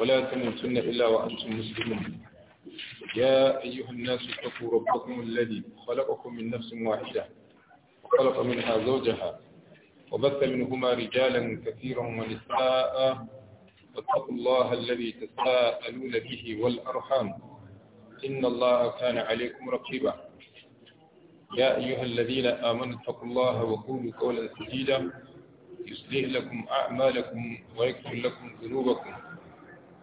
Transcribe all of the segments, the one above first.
ولا تموتن إلا وأنتم مسلمون يا أيها الناس اتقوا ربكم الذي خلقكم من نفس واحدة وخلق منها زوجها وبث منهما رجالا كثيرا ونساء واتقوا الله الذي تساءلون به والأرحام إن الله كان عليكم رقيبا يا أيها الذين آمنوا اتقوا الله وقولوا قولا سديدا يصلح لكم أعمالكم ويكفر لكم ذنوبكم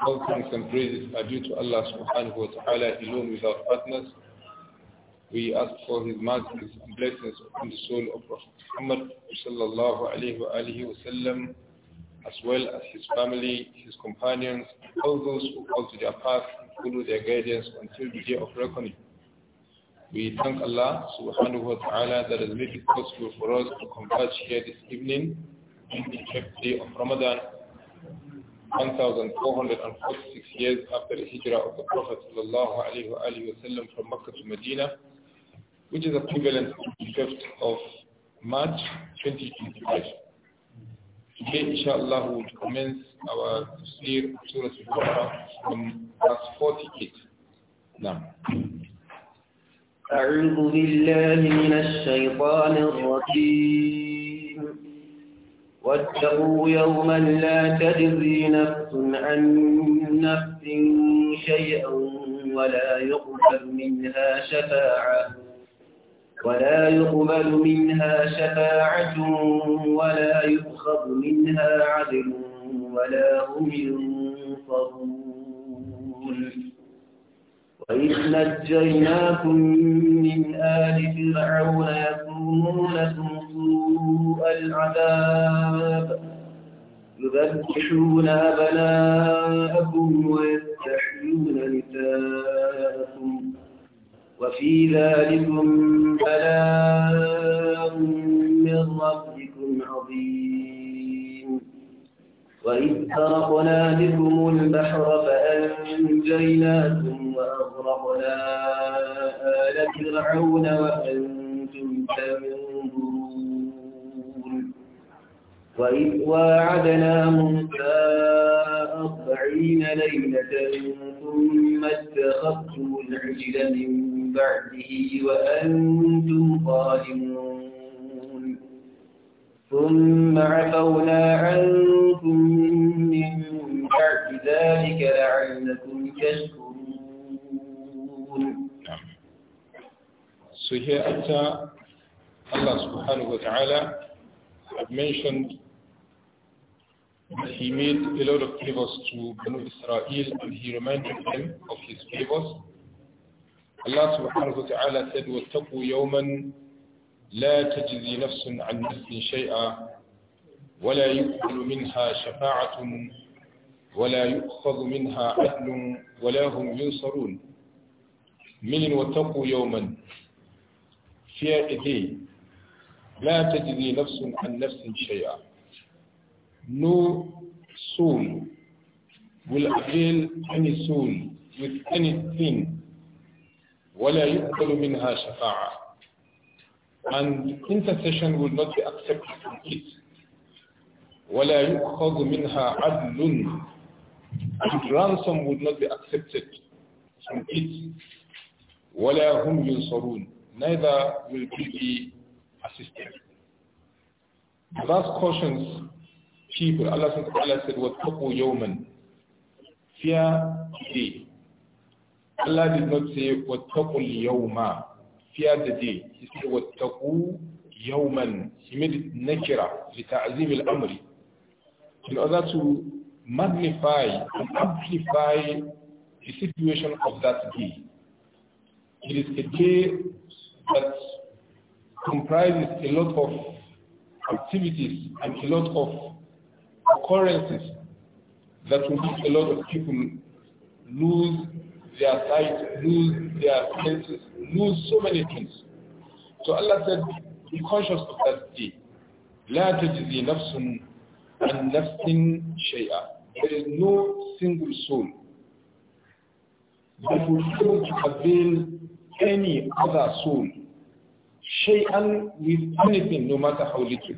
All thanks and praises are due to Allah subhanahu wa ta'ala alone without partners. We ask for his mercies and blessings upon the soul of Prophet Muhammad sallallahu alayhi wa alihi wa sallam, as well as his family, his companions, all those who follow their path and follow their guidance until the day of reckoning. We thank Allah subhanahu wa ta'ala that has made it possible for us to converge here this evening in the fifth day of Ramadan 1,446 years after the hijrah of the Prophet وسلم, from Mecca to Medina, which is equivalent to the 5th of March 2025. Today, inshallah, we will commence our tafsir Surah al Quran from verse 48. Now. أعوذ بالله من الشيطان الرجيم واتقوا يوما لا تجزي نفس عن نفس شيئا ولا يقبل منها شفاعة ولا يقبل منها شفاعة ولا يؤخذ منها عدل ولا هم ينصرون وإذ نجيناكم من آل فرعون يكونونكم سوء العذاب يذبحون أبناءكم ويستحيون نساءكم وفي ذلكم بلاء من ربكم عظيم وإذ فرقنا بكم البحر فأنجيناكم فأغرقنا آل فرعون وأنتم تنظرون وإذ واعدنا موسى أربعين ليلة ثم اتخذتم العجل من بعده وأنتم ظالمون ثم عفونا عنكم من بعد ذلك لعلكم تشكرون No. So hereafter, Allah subhanahu wa ta'ala had mentioned that he made a lot of favors to Banu Israel and he reminded them of his favors. Allah subhanahu wa ta'ala said, وَاتَّقُوا يَوْمًا لَا تَجْزِي نَفْسٌ عَنْ نَفْسٍ شَيْئًا ولا يقبل منها شفاعة ولا يؤخذ منها عدل ولا هم ينصرون meaning وَاتَّقُوا يَوْمًا Fear a day. لَا تَجْزِي نَفْسٌ عَنْ نَفْسٍ شَيْئًا No soul will avail any soul with anything وَلَا يُقْبَلُ مِنْهَا شَفَاعَةً And intercession will not be accepted from it. وَلَا يُؤْخَذُ مِنْهَا عَدْلٌ And ransom would not be accepted from it. وَلَا هُمْ يُنصَرُونَ Neither will we be assisted. Allah cautions people. Allah SWT said, وَاتَّقُوا يَوْمًا Fear the day. Allah did not say, وَاتَّقُوا الْيَوْمَ Fear the day. He said, وَاتَّقُوا يَوْمًا He made it nakira, لِتَعْزِيمِ الْأَمْرِ In order to magnify and amplify the situation of that day. It is a day that comprises a lot of activities and a lot of occurrences that will make a lot of people lose their sight, lose their senses, lose so many things. So Allah said, be conscious of that day. لا تجزي نفس عن نفس شيئا. There is no single soul that will fail to avail any other soul, shay'an with anything, no matter how little.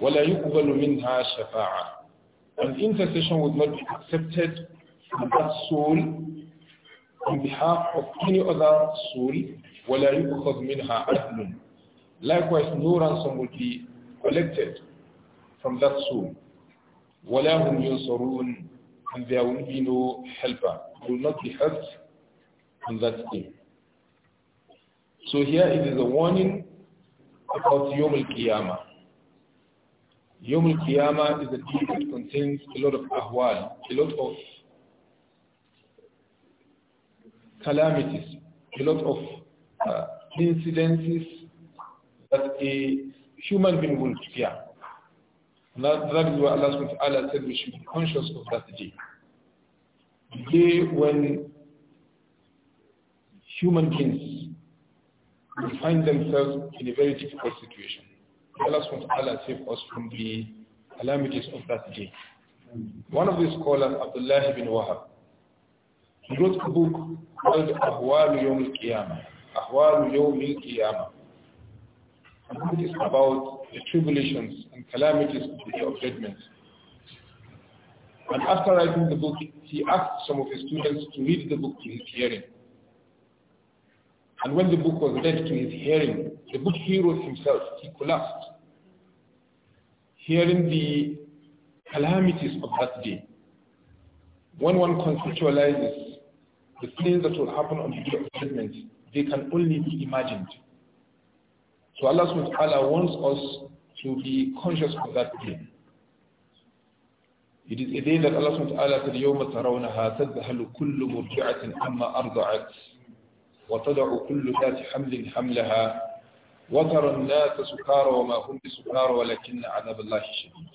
وَلَا يُقْبَلُ مِنْهَا شَفَاعَةً An intercession would not be accepted from that soul on behalf of any other soul, وَلَا يُؤْخَذْ مِنْهَا عَدْلٌ Likewise, no ransom will be collected from that soul. وَلَا هُمْ يُنصَرُونَ And there will be no helper. will not be helped on that day. So here it is a warning about Yom al-Qiyamah. Yom al-Qiyamah is a day that contains a lot of ahwal, a lot of calamities, a lot of uh, incidences that a human being will fear. that, that is why Allah ta'ala said we should be conscious of that day. The day when human beings will find themselves in a very difficult situation. Allah SWT save us from the calamities of that day. One of the scholars, Abdullah ibn Wahab, he wrote a book called Ahwal Yawm al-Qiyamah. Ahwal Yawm al-Qiyamah. And it is about the tribulations and calamities of the day of judgment. And after writing the book, he asked some of his students to read the book to his hearing. And when the book was read to his hearing, the book hero himself, he collapsed, hearing the calamities of that day. When one conceptualizes the things that will happen on the day of judgment, they can only be imagined. So Allah subhanahu wa ta'ala wants us to be conscious of that day. It is a day that Allah subhanahu wa ta'ala said, يَوْمَ تَرَوْنَهَا تَذْهَلُ كُلُّ مُرْجِعَةٍ عَمَّا أَرْضَعَتْ وَتَدَعُ كل ذات حمل حملها وترى الناس سكارى وما هم بسكارى ولكن عذاب الله شديد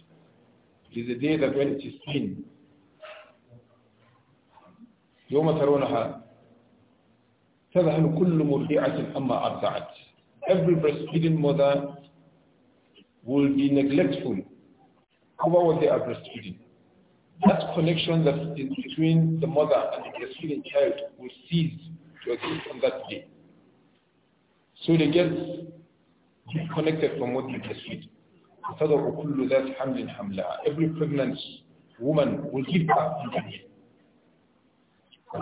It is a day that when يوم ترونها تذهل كل مرضعة أما أرضعت Every breastfeeding mother will be neglectful over what they are breastfeeding. That connection that is between the mother and the breastfeeding child will cease working that day. So they get disconnected from what you just read. Every pregnant woman will give birth in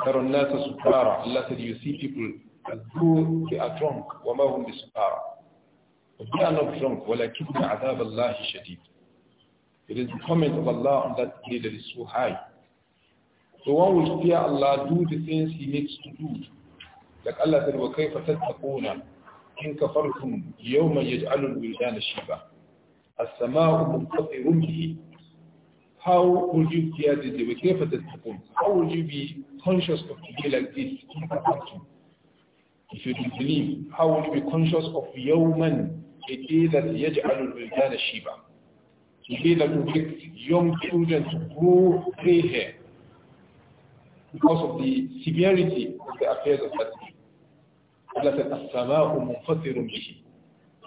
that Allah said you see people as though they are drunk وما هم بسكارى but they are not drunk ولكن عذاب الله it is the comment of Allah on that day that is so high so one will fear Allah do the things he needs to do daga Allah ruwa kai in samau bihi how would you how would you be conscious of the like this in if you not believe how would you be conscious of yawman a day that yaj'alul wildana shiba a day that will make young children to grow gray hair because of the severity of the affairs of that Allah said, as به munfasirun bihi.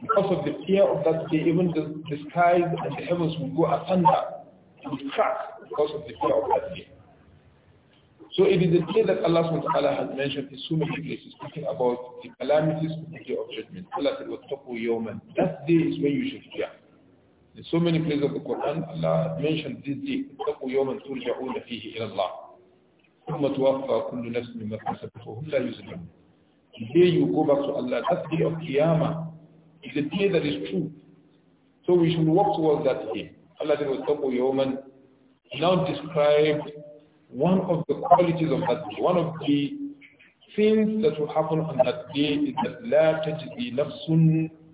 Because of the fear of that day, even the, the skies and the heavens will go asunder, will crack because of the fear of that day. So it is a day that Allah SWT has mentioned in so many places, speaking about the calamities of the day of judgment. Allah said, That day is when you should fear. In so many places of the Quran, Allah mentioned this day, اتَّقُوا يَوْمًا تُرْجَعُونَ فِيهِ إِلَى Allah. ثُمَّ تُوَفَّى كُلُّ نَفْسٍ مَا كَسَبَتْ وَهُمْ لَا يُظْلَمُونَ Today you go back to Allah. That day of Qiyamah is a day that is true. So we should work towards that day. Allah did was top Yoman now described one of the qualities of that day. One of the things that will happen on that day is that لا تجزي نفس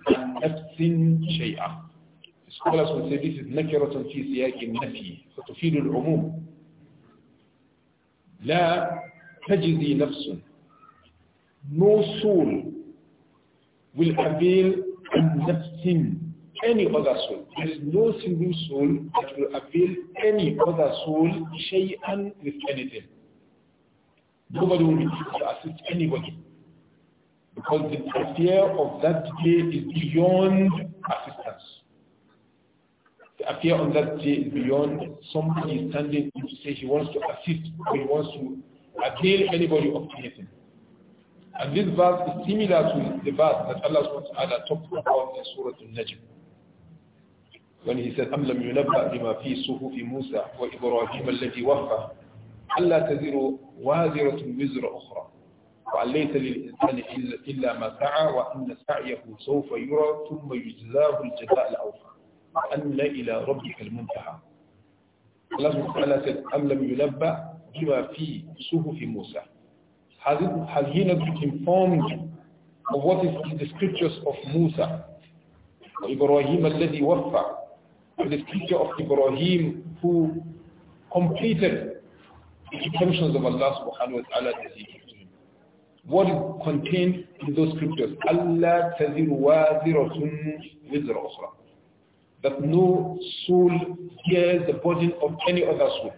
عن نفس شيئا. Scholars will say this is نكرة في سياق النفي فتفيد العموم. لا تجزي نفس no soul will avail and nafsin any other soul. There is no single soul that will avail any other soul shay'an with anything. Nobody will be able to assist anybody. Because the fear of that day is beyond assistance. The fear on that day is beyond somebody standing to say he wants to assist or he wants to avail anybody of anything. And this verse is similar to the verse that Allah subhanahu wa ta'ala talked about in Surah Al-Najm. When he said, أَمْ لَمْ يُنَبَّأْ بِمَا فِي صُحُفِ مُوسَى وَإِبْرَاهِيمَ الَّذِي وَفَّى أَلَّا تَزِرُ وَازِرَةٌ وِزْرَ أُخْرَى وَعَلَّيْسَ لِلْإِنسَانِ إِلَّا مَا سَعَى وَأَنَّ سَعْيَهُ سَوْفَ يُرَى ثُمَّ يُجْزَاهُ الْجَزَاءَ الْأَوْفَى وَأَنَّ إِلَى رَبِّكَ الْمُنْتَهَى Allah subhanahu wa ta'ala said, أَمْ لَمْ يُنَبَّأْ بِمَا فِي صُحُفِ مُوسَى has, it, has he not been informed of what is in the scriptures of Musa? Ibrahim الذي وفى the scripture of Ibrahim who completed the intentions of Allah subhanahu wa ta'ala What is contained in those scriptures? Allah tazir waziratun wizra usra. That no soul hears the burden of any other soul.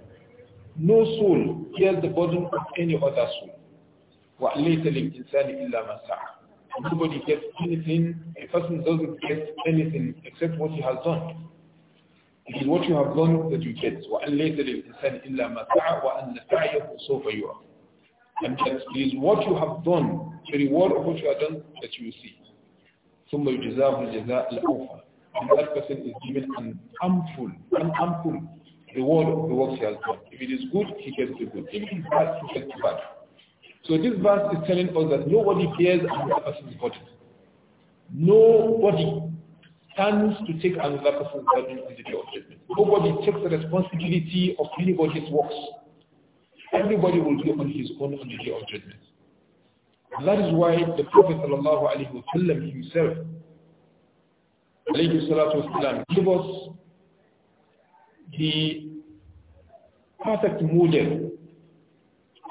No soul hears the burden of any other soul. وَأَلَيْسَ لِلْإِنسَانِ إِلَّا مَا سَعَى Nobody gets anything, a person doesn't get anything except what he has done. It is what you have done that you get. وَأَلَيْسَ لِلْإِنسَانِ إِلَّا مَا سَعَى وَأَنَّ سَعْيَهُ سَوْفَ يُعَى And that is what you have done, the reward of what you have done that you see. ثُمَّ يُجْزَاهُ الْجَزَاءَ الْأَوْفَى And that person is given an ample, an ample reward of the work he has done. If it is good, he gets the good. If it is bad, he gets the bad. So this verse is telling us that nobody fears another person's body. Nobody stands to take another person's burden on the day of judgment. Nobody takes the responsibility of anybody's works. Everybody will do on his own on the day of judgment. And that is why the Prophet ﷺ himself alayhi salatu wasalam, gave us the perfect model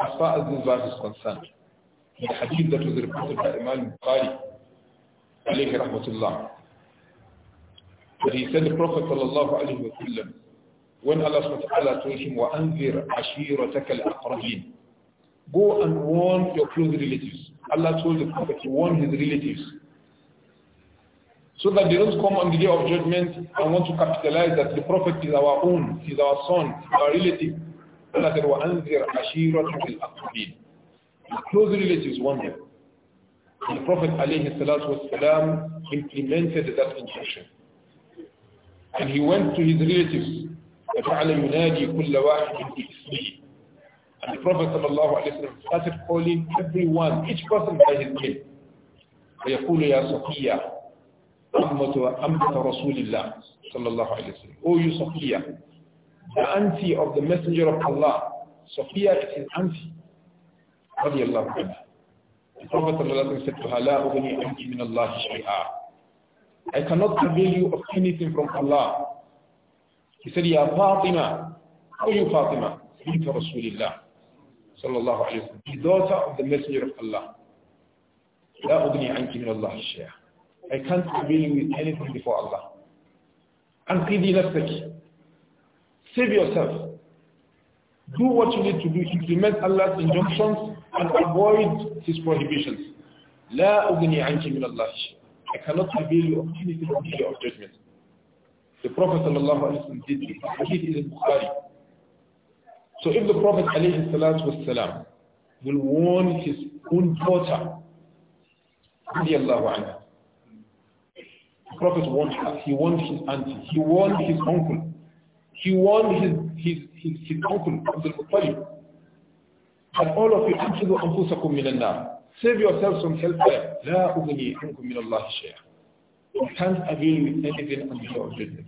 as far as this verse is concerned. The hadith that was reported by Imam Bukhari, alayhi rahmatullah, that he said the Prophet sallallahu alayhi wa sallam, when Allah subhanahu told him, وَأَنذِرْ عَشِيرَتَكَ الْأَقْرَبِينَ Go and warn your close relatives. Allah told the Prophet to warn his relatives. So that they don't come on the day of judgment and want to capitalize that the Prophet is our own, is our son, our relative. Allah said, وَأَنْذِرْ عَشِيرَةُ الْأَقْرَبِينَ Close relatives wonder. The Prophet والسلام, implemented that instruction. And he went to his relatives. وَجَعَلَ يُنَادِي كُلَّ وَاحِدٍ بِإِسْمِهِ And the Prophet وسلم, started calling everyone, each person by his name. ويقول يا صفية أمة أمة رسول الله صلى الله عليه وسلم. Oh you صفية the auntie of the Messenger of Allah, Sophia is his auntie. Radiallahu anha. The Prophet said to her, La ugni anki min Allah shay'a. I cannot avail you of anything from Allah. He said, Ya Fatima. How oh, you Fatima? Bint Rasulillah. Sallallahu alaihi wasallam. The daughter of the Messenger of Allah. La ugni anki min Allah shay'a. I can't avail you with anything before Allah. أنقذي نفسك Save yourself. Do what you need to do. Implement Allah's injunctions and avoid His prohibitions. لا أغني عنك من الله I cannot avail you of anything on the day of judgment. The Prophet ﷺ did this. Hadith is in Bukhari. So if the Prophet ﷺ will warn his own daughter, anha, the Prophet warned her, he warned his auntie, he warned his uncle, he warned his, his, his, his uncle, Abdul Muttalib, that all of you, أَنْتُذُوا أَنفُسَكُمْ مِنَ النَّارِ Save yourselves from hellfire. لَا أُغْنِي أَنْكُمْ مِنَ اللَّهِ شَيْئًا You can't agree with anything under your judgment.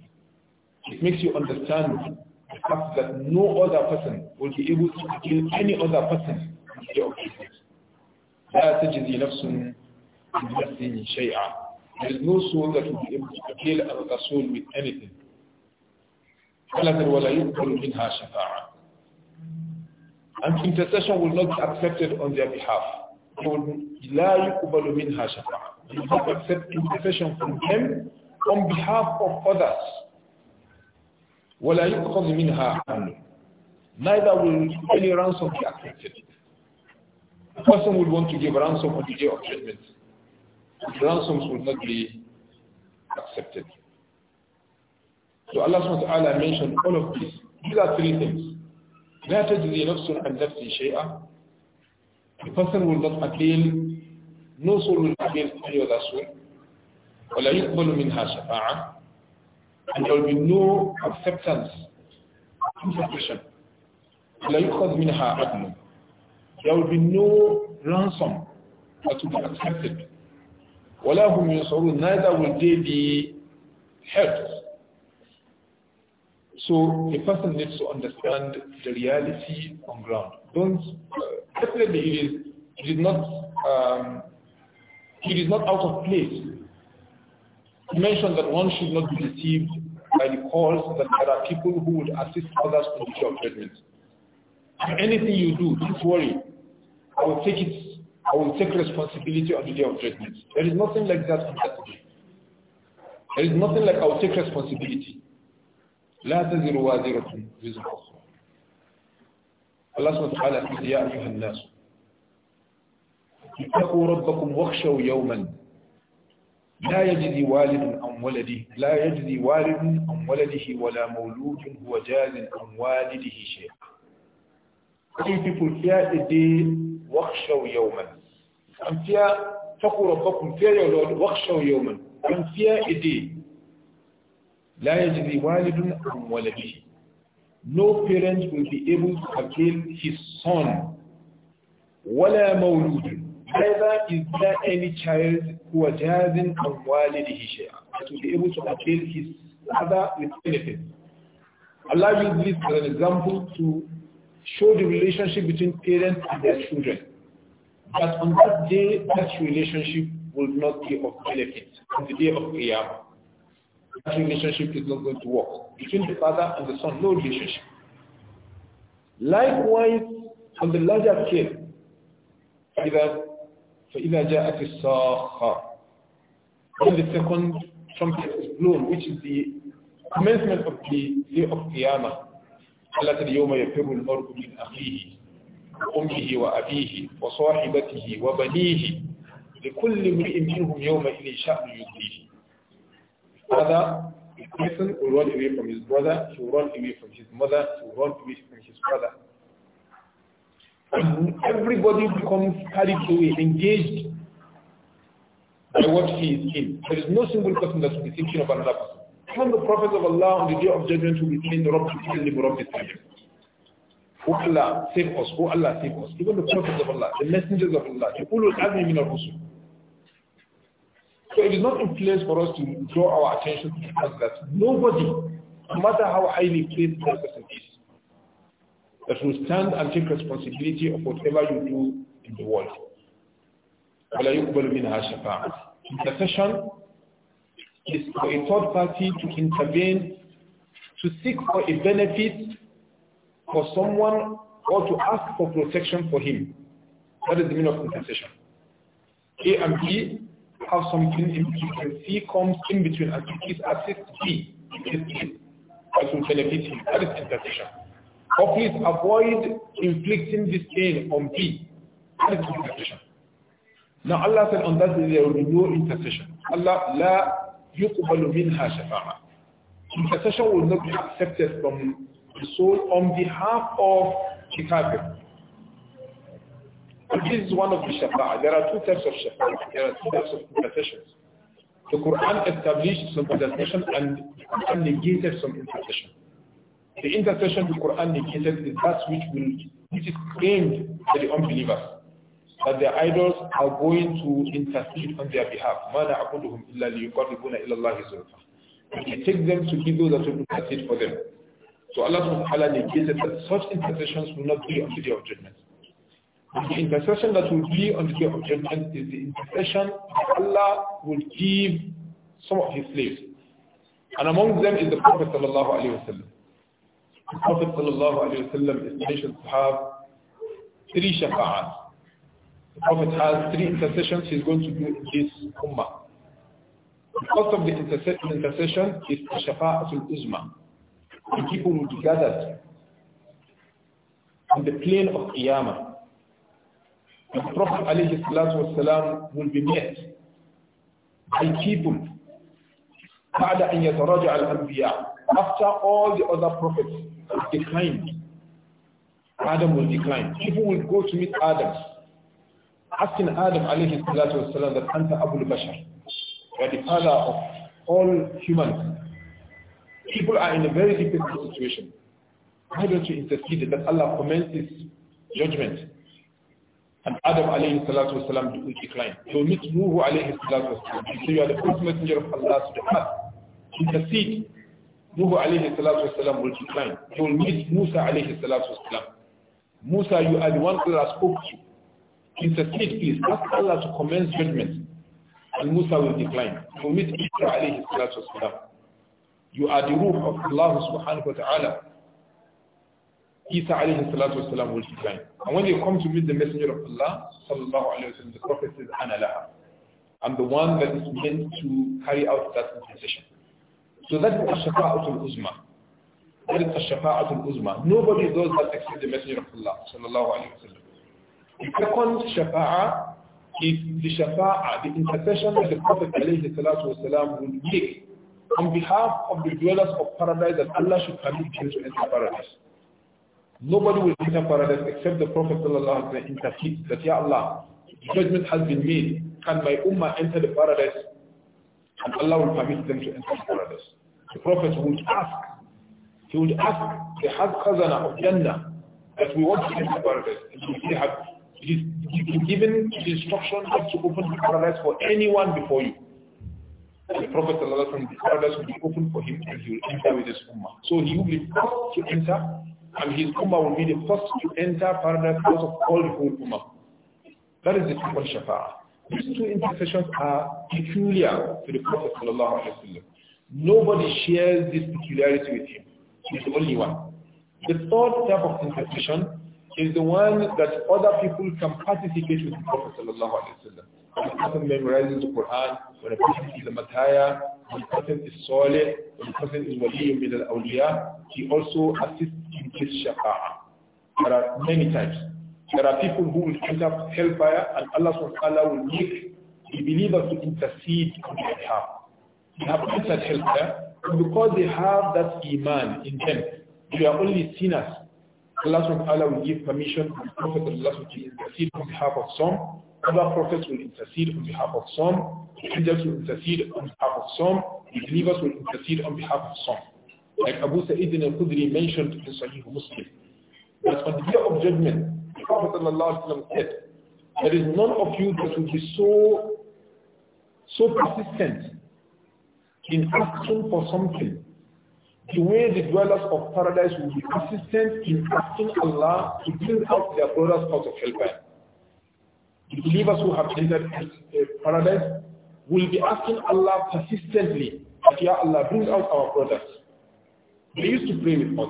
It makes you understand the fact that no other person will be able to kill any other person under your judgment. لَا تَجِزِي نَفْسٌ بِنَفْسٍ شَيْئًا There is no soul that will be able to kill another soul with anything. Allah said, وَلَا يُقْبَلُ مِنْهَا شَفَاعَةً and intercession will not be accepted on their behalf. لَا يُقْبَلُ مِنْهَا شَفَاعَةً will not accept intercession from them on behalf of others. وَلَا يُقْخَذْ مِنْهَا عَنُ Neither will any ransom be accepted. A person would want to give ransom on the day of judgment. The ransoms will not be accepted. So Allah subhanahu wa ta'ala mentioned all of this. These are three things. لا تجزي نفس عن نفس شيئا The person will not appeal, no soul will appeal to any other soul. ولا يقبل منها شفاعة And there will be no acceptance, confession. ولا يؤخذ منها عدل There will be no ransom that will be accepted. ولا هم ينصرون Neither will they be helped. So the person needs to understand the reality on ground. Don't uh, definitely it is it is not um, it is not out of place. You mentioned that one should not be deceived by the calls that there are people who would assist others to get treatment. judgment. Anything you do, don't worry. I will take it. I will take responsibility on the day of judgment. There is nothing like that on that day. There is nothing like I will take responsibility. لا تزر وازرة وزر أخرى الله سبحانه وتعالى يا أيها الناس اتقوا ربكم واخشوا يوما لا يجدي والد أم ولده لا يجدي والد أم ولده ولا مولود هو جاز أم والده شيئا Many people fear day واخشوا يوما أم فيها اتقوا ربكم فيها واخشوا يوما أم فيها a No parent will be able to avail his son. ولا mawludun. Neither is there any child who was jazin an walidihi shay'an. That be able to avail his father with anything. Allah used this as an example to show the relationship between parents and their children. But on that day, that relationship will not be of benefit on the day of Qiyamah that relationship is not going to work. Between the father and the son, no relationship. Likewise, on the larger scale, فإذا, فإذا جاءت الصاخة When the second trumpet is blown, which is the commencement of the day of Qiyamah, التي اليوم يفر المرء من أخيه وأمه وأبيه وصاحبته وبنيه لكل امرئ منهم إِلِيْ شأن يغنيه father, a person will run away from his brother, he will run away from his mother, he will run away from his father. And everybody becomes carried away, engaged by what he is in. There is no single person that will be thinking of another person. Even the prophets of Allah on the day of judgment will be saying, Rabb Muslim, the Muslim. O Allah, save us. O oh Allah, save us. Even the prophets of Allah, the messengers of Allah, the ulul azmi min al-rusul. So it is not in place for us to draw our attention to the fact that nobody, no matter how highly placed person is, that will stand and take responsibility of whatever you do in the world. وَلَا يُقْبَلُ مِنْهَا شَفَاعَةً Intercession is for a third party to intervene to seek for a benefit for someone or to ask for protection for him. That is the meaning of intercession. A and B have something in between. C comes in between and it is assist B. That will benefit him. That is intercession. Or please avoid inflicting this pain on B. That is intercession. Now Allah said on that day there will be no intercession. Allah la yuqbalu minha shafa'a. Intercession will not be accepted from the soul on behalf of the kafir. This is one of the shafa'ah. There are two types of shafa'ah. There are two types of interpretations. The Quran established some interpretation and Quran negated some interpretation. The intercession the Quran negated is that which will is claimed by the unbelievers that their idols are going to intercede on their behalf. It takes them to give those that will intercede for them. So Allah subhanahu wa ta'ala negated that such intercessions will not be on the day of judgment. And the intercession that will be on the day of judgment is the intercession Allah will give some of his slaves. And among them is the Prophet sallallahu alayhi wa The Prophet sallallahu alayhi wa is mentioned to have three shafa'at. The Prophet has three intercessions he's going to do in this ummah. The first of the intercession is the shafa'atul uzma. The people will be gathered on the plain of Qiyamah the Prophet والسلام, will be met by people بعد أن يتراجع الأنبياء after all the other prophets declined Adam will decline people will go to meet Adam asking Adam عليه الصلاة والسلام that أنت أبو البشر you are the father of all humans people are in a very difficult situation why don't you intercede that Allah commences judgment and Adam alayhi salatu wasalam will decline. You will meet Nuhu alayhi salatu wasalam. So you are the first messenger of Allah to the earth. Intercede. Nuhu alayhi salatu wasalam will decline. You will meet Musa alayhi salatu wasalam. Musa, you are the one Allah spoke to. Intercede, please. Ask Allah to commence judgment. And Musa will decline. You will meet Isa alayhi salatu wasalam. You are the ruh of Allah subhanahu wa ta'ala. Isa alayhi salatu wasalam will decline. And when you come to meet the Messenger of Allah, sallallahu alayhi wasallam, the Prophet says, Ana laha. I'm the one that is meant to carry out that intercession. So that is al-shafa'atul uzma. That is al-shafa'atul uzma. Nobody does that except the Messenger of Allah, sallallahu alayhi wasallam. The second shafa'a is the shafa'a, the intercession that the Prophet alayhi salatu wasalam will make on behalf of the dwellers of paradise that Allah should permit them to enter paradise. Nobody will enter paradise except the Prophet ﷺ intercedes that, Ya Allah, judgment has been made. Can my ummah enter the paradise? And Allah will permit them to enter the paradise. The Prophet would ask. He would ask the Had Khazana of Jannah that we want to enter paradise. And he would given the instruction not to open the paradise for anyone before you. And the Prophet ﷺ, the paradise will be open for him and he will enter with his ummah. So he will be forced to enter and his ummah will be the first to enter paradise because of all the whole ummah. That is the triple shafa'ah. These two intercessions are peculiar to the Prophet sallallahu alaihi wasallam. Nobody shares this peculiarity with him. He's the only one. The third type of intercession is the one that other people can participate with the Prophet sallallahu alaihi wasallam. When a person memorizes the Quran, when a person sees the Mataya, the person is solid, the person is waliyun min al-awliya, he also assists in his shafa'ah. There are many types. There are people who will end up hellfire and Allah subhanahu wa ta'ala will make the believer to intercede on their behalf. They have entered hellfire because they have that iman in them. They are only sinners. Allah subhanahu wa ta'ala will give permission to the Prophet Allah to intercede on behalf of some other prophets will intercede on behalf of some, angels will intercede on behalf of some, the believers will intercede on behalf of some. Like Abu Sa'id al-Khudri mentioned in Sahih Muslim, But on the day of judgment, the Prophet said, there is none of you that will be so, so persistent in asking for something the way the dwellers of paradise will be persistent in asking Allah to bring out their brothers out of hellfire the believers who have entered uh, paradise will be asking Allah persistently that Ya Allah bring out our brothers. They used to pray with us.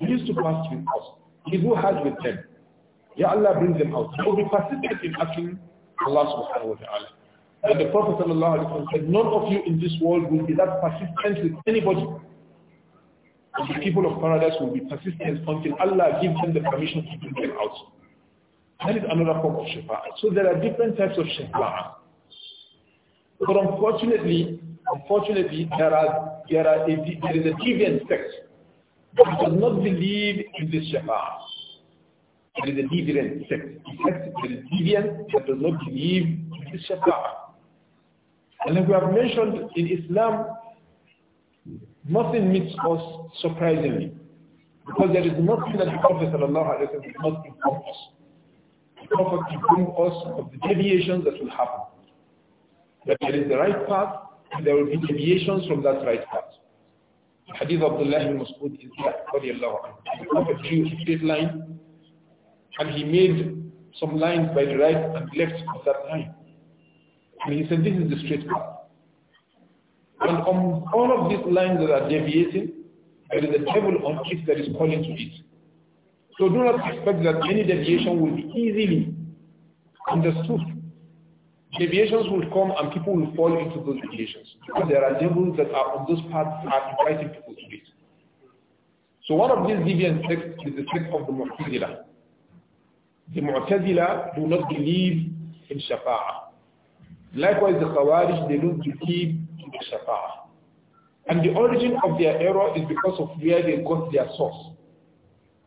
They used to fast with us. He who hard with them. Ya Allah bring them out. They will be persistent in asking Allah subhanahu wa ta'ala. And the Prophet sallallahu said, none of you in this world will be that persistent with anybody. And the people of paradise will be persistent until Allah gives them the permission to bring them out. That is another form of shafa'a. So there are different types of shafa'a. But unfortunately, unfortunately, there are there are a, there is a deviant sect that does not believe in this shafa'a. There is a deviant sect. In fact, there is deviant that does not believe in this shafa'a. And like we have mentioned in Islam, nothing meets us surprisingly. Because there is nothing that the Prophet did not inform us comfort inform us of the deviations that will happen. That there is the right path, and there will be deviations from that right path. The hadith of Abdullah ibn Mas'ud is there, The Prophet drew a straight line, and he made some lines by the right and left of that line. And he said, this is the straight path. And on all of these lines that are deviating, there is a devil on it that is calling to it. So do not expect that any deviation will be easily understood. Deviations will come and people will fall into those deviations. Because there are devils that are on those paths are inviting people to it. So one of these deviant sects is the sect of the Mu'tazila. The Mu'tazila do not believe in Shafa'ah. Likewise, the Khawarij, they don't believe in Shafa'ah. And the origin of their error is because of where they got their source.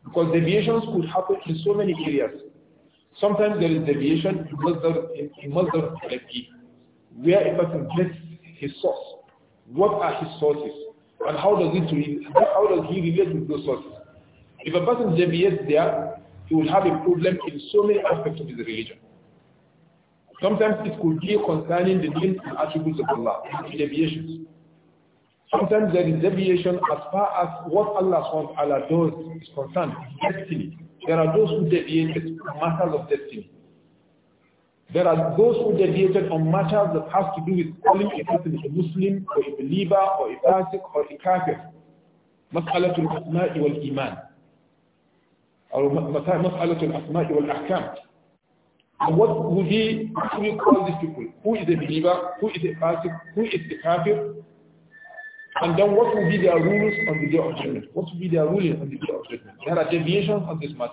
Because deviations could happen in so many areas. Sometimes there is deviation in Masdar, in where a person gets his source. What are his sources? And how does, it, how does he relate with those sources? If a person deviates there, he will have a problem in so many aspects of his religion. Sometimes it could be concerning the names and attributes of Allah, deviations. Sometimes there is deviation as far as what Allah Allah does is concerned, destiny. There are those who deviated on matters of destiny. There are those who deviated on matters that have to do with calling a person a Muslim or a believer or a Fasik or a Kafir. مسألة الأسماء والإيمان أو مسألة الأسماء والأحكام and what would be, what do you call these people? Who is a believer? Who is a Fasik? Who is a Kafir? And then what will be their rules on the day of judgment? What will be their ruling on the day of judgment? There are deviations on this matter.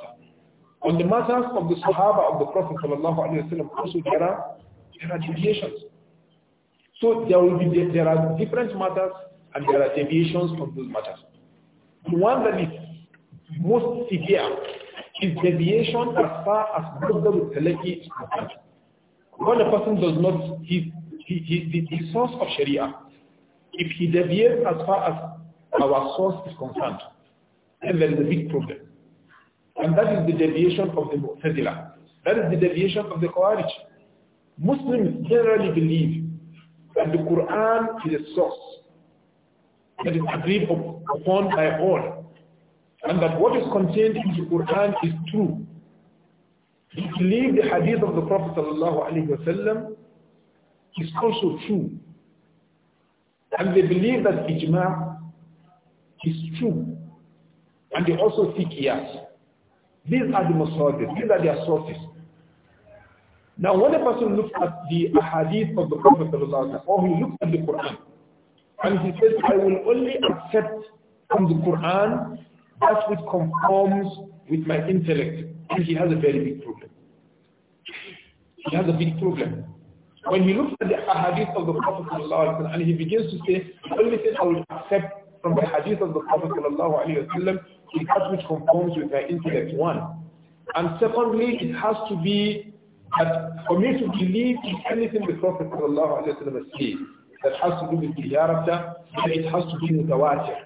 On the matters of the Sahaba of the Prophet وسلم, also there are, there are deviations. So there will be there are different matters and there are deviations from those matters. The one that is most severe is deviation as far as Muslim Teleki is concerned. When a person does not, his, his, his, his source of Sharia if he deviates as far as our source is concerned, then there is a big problem. And that is the deviation of the Mu'tazila. That is the deviation of the Khawarij. Muslims generally believe that the Quran is a source that is agreed upon by all, and that what is contained in the Quran is true. They believe the hadith of the Prophet ﷺ is also true. And they believe that ijma is true. And they also seek qiyas. These are the masahadis. These are their sources. Now, when a person looks at the ahadith of the Prophet or he looks at the Quran, and he says, I will only accept from the Quran that which conforms with my intellect, and he has a very big problem. He has a big problem. When he looks at the hadith of the Prophet and he begins to say, the only thing I will accept from the hadith of the Prophet is that which conforms with my intellect, one. And secondly, it has to be that for me to believe in anything the Prophet says that has to do with the hereafter, then it has to be mutawatir.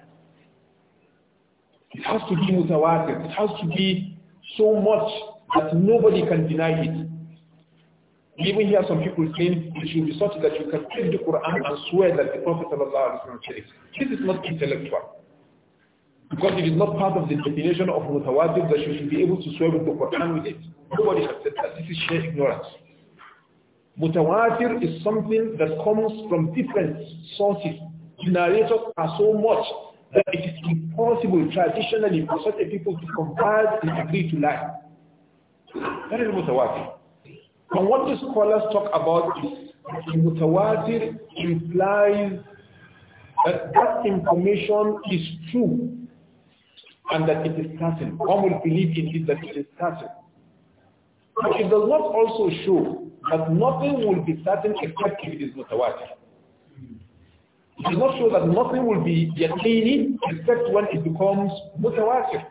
It has to be mutawatir. It has to be so much that nobody can deny it. Even here some people saying it should be such that you can take the Quran and swear that the Prophet is a it. This is not intellectual. Because it is not part of the definition of mutawatir that you should be able to swear with the Quran with it. Nobody has said that. This is sheer ignorance. Mutawatir is something that comes from different sources. The narrators are so much that it is impossible traditionally for such a people to compare and agree to lie. That is mutawatir. And what the scholars talk about is mutawatir implies that that information is true and that it is certain. One will believe in it that it is certain. But it does not also show that nothing will be certain except if it is mutawatir. It does not show that nothing will be yaqini except when it becomes mutawatir.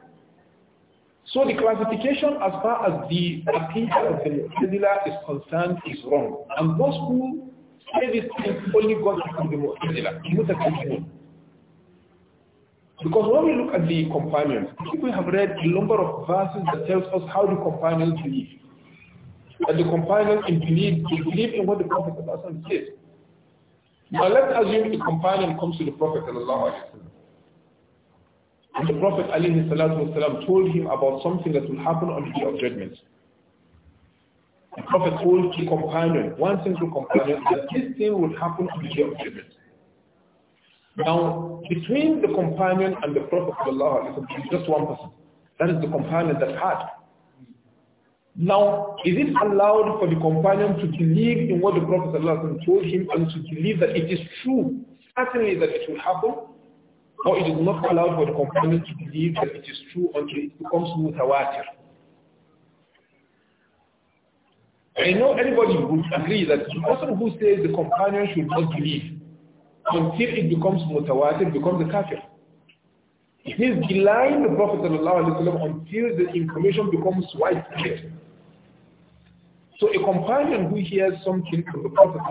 So the classification as far as the appeal of the Mu'tazila is concerned is wrong. And those who say this thing only got to the Mu'tazila, Mu'tazila. Because when we look at the companions, I think we have read a number of verses that tells us how the companions believe. That the companions believe, believe in what the Prophet said. Now let's assume the companion comes to the Prophet and the Prophet ﷺ told him about something that will happen on the day of judgment. The Prophet told the companion, one single companion, that this thing would happen on the day of judgment. Now, between the companion and the Prophet وسلم, there is just one person. That is the companion that had. Now, is it allowed for the companion to believe in what the Prophet ﷺ told him and to believe that it is true, certainly that it will happen? Or it is not allowed for the companion to believe that it is true until it becomes mutawatir. I know anybody would agree that the person who says the companion should not believe until it becomes mutawatir becomes a kafir. He is denying the Prophet until the information becomes widespread. So a companion who hears something from the Prophet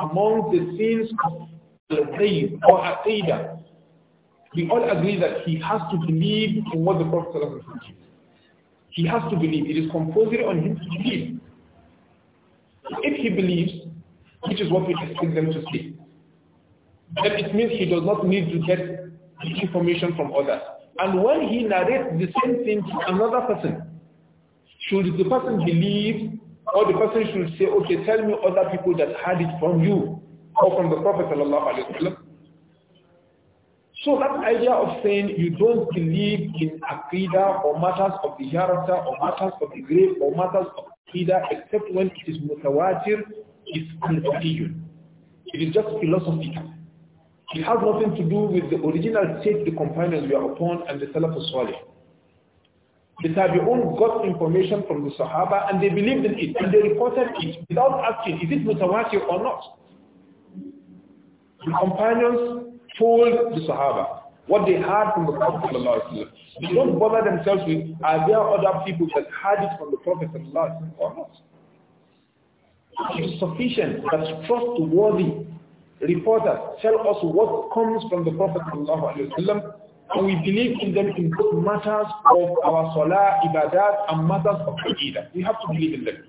among the sins of the or aqidah we all agree that he has to believe in what the Prophet teaches. He has to believe. It is compulsory on him to believe. If he believes, which is what we expect them to see, then it means he does not need to get information from others. And when he narrates the same thing to another person, should the person believe or the person should say, okay, tell me other people that had it from you or from the Prophet sallallahu so that idea of saying you don't believe in Aqidah or matters of the hereafter or matters of the grave or matters of Aqidah except when it is mutawatir is opinion. It is just philosophy. It has nothing to do with the original state the companions were upon and the Salafus Salih. The Tabi'un got information from the Sahaba and they believed in it and they reported it without asking is it mutawatir or not. The companions told the Sahaba what they heard from the Prophet They don't bother themselves with, are there other people that heard it from the Prophet or not? It's sufficient that trustworthy reporters tell us what comes from the Prophet and we believe in them in both matters of our salah, ibadat, and matters of aqidah. We have to believe in them.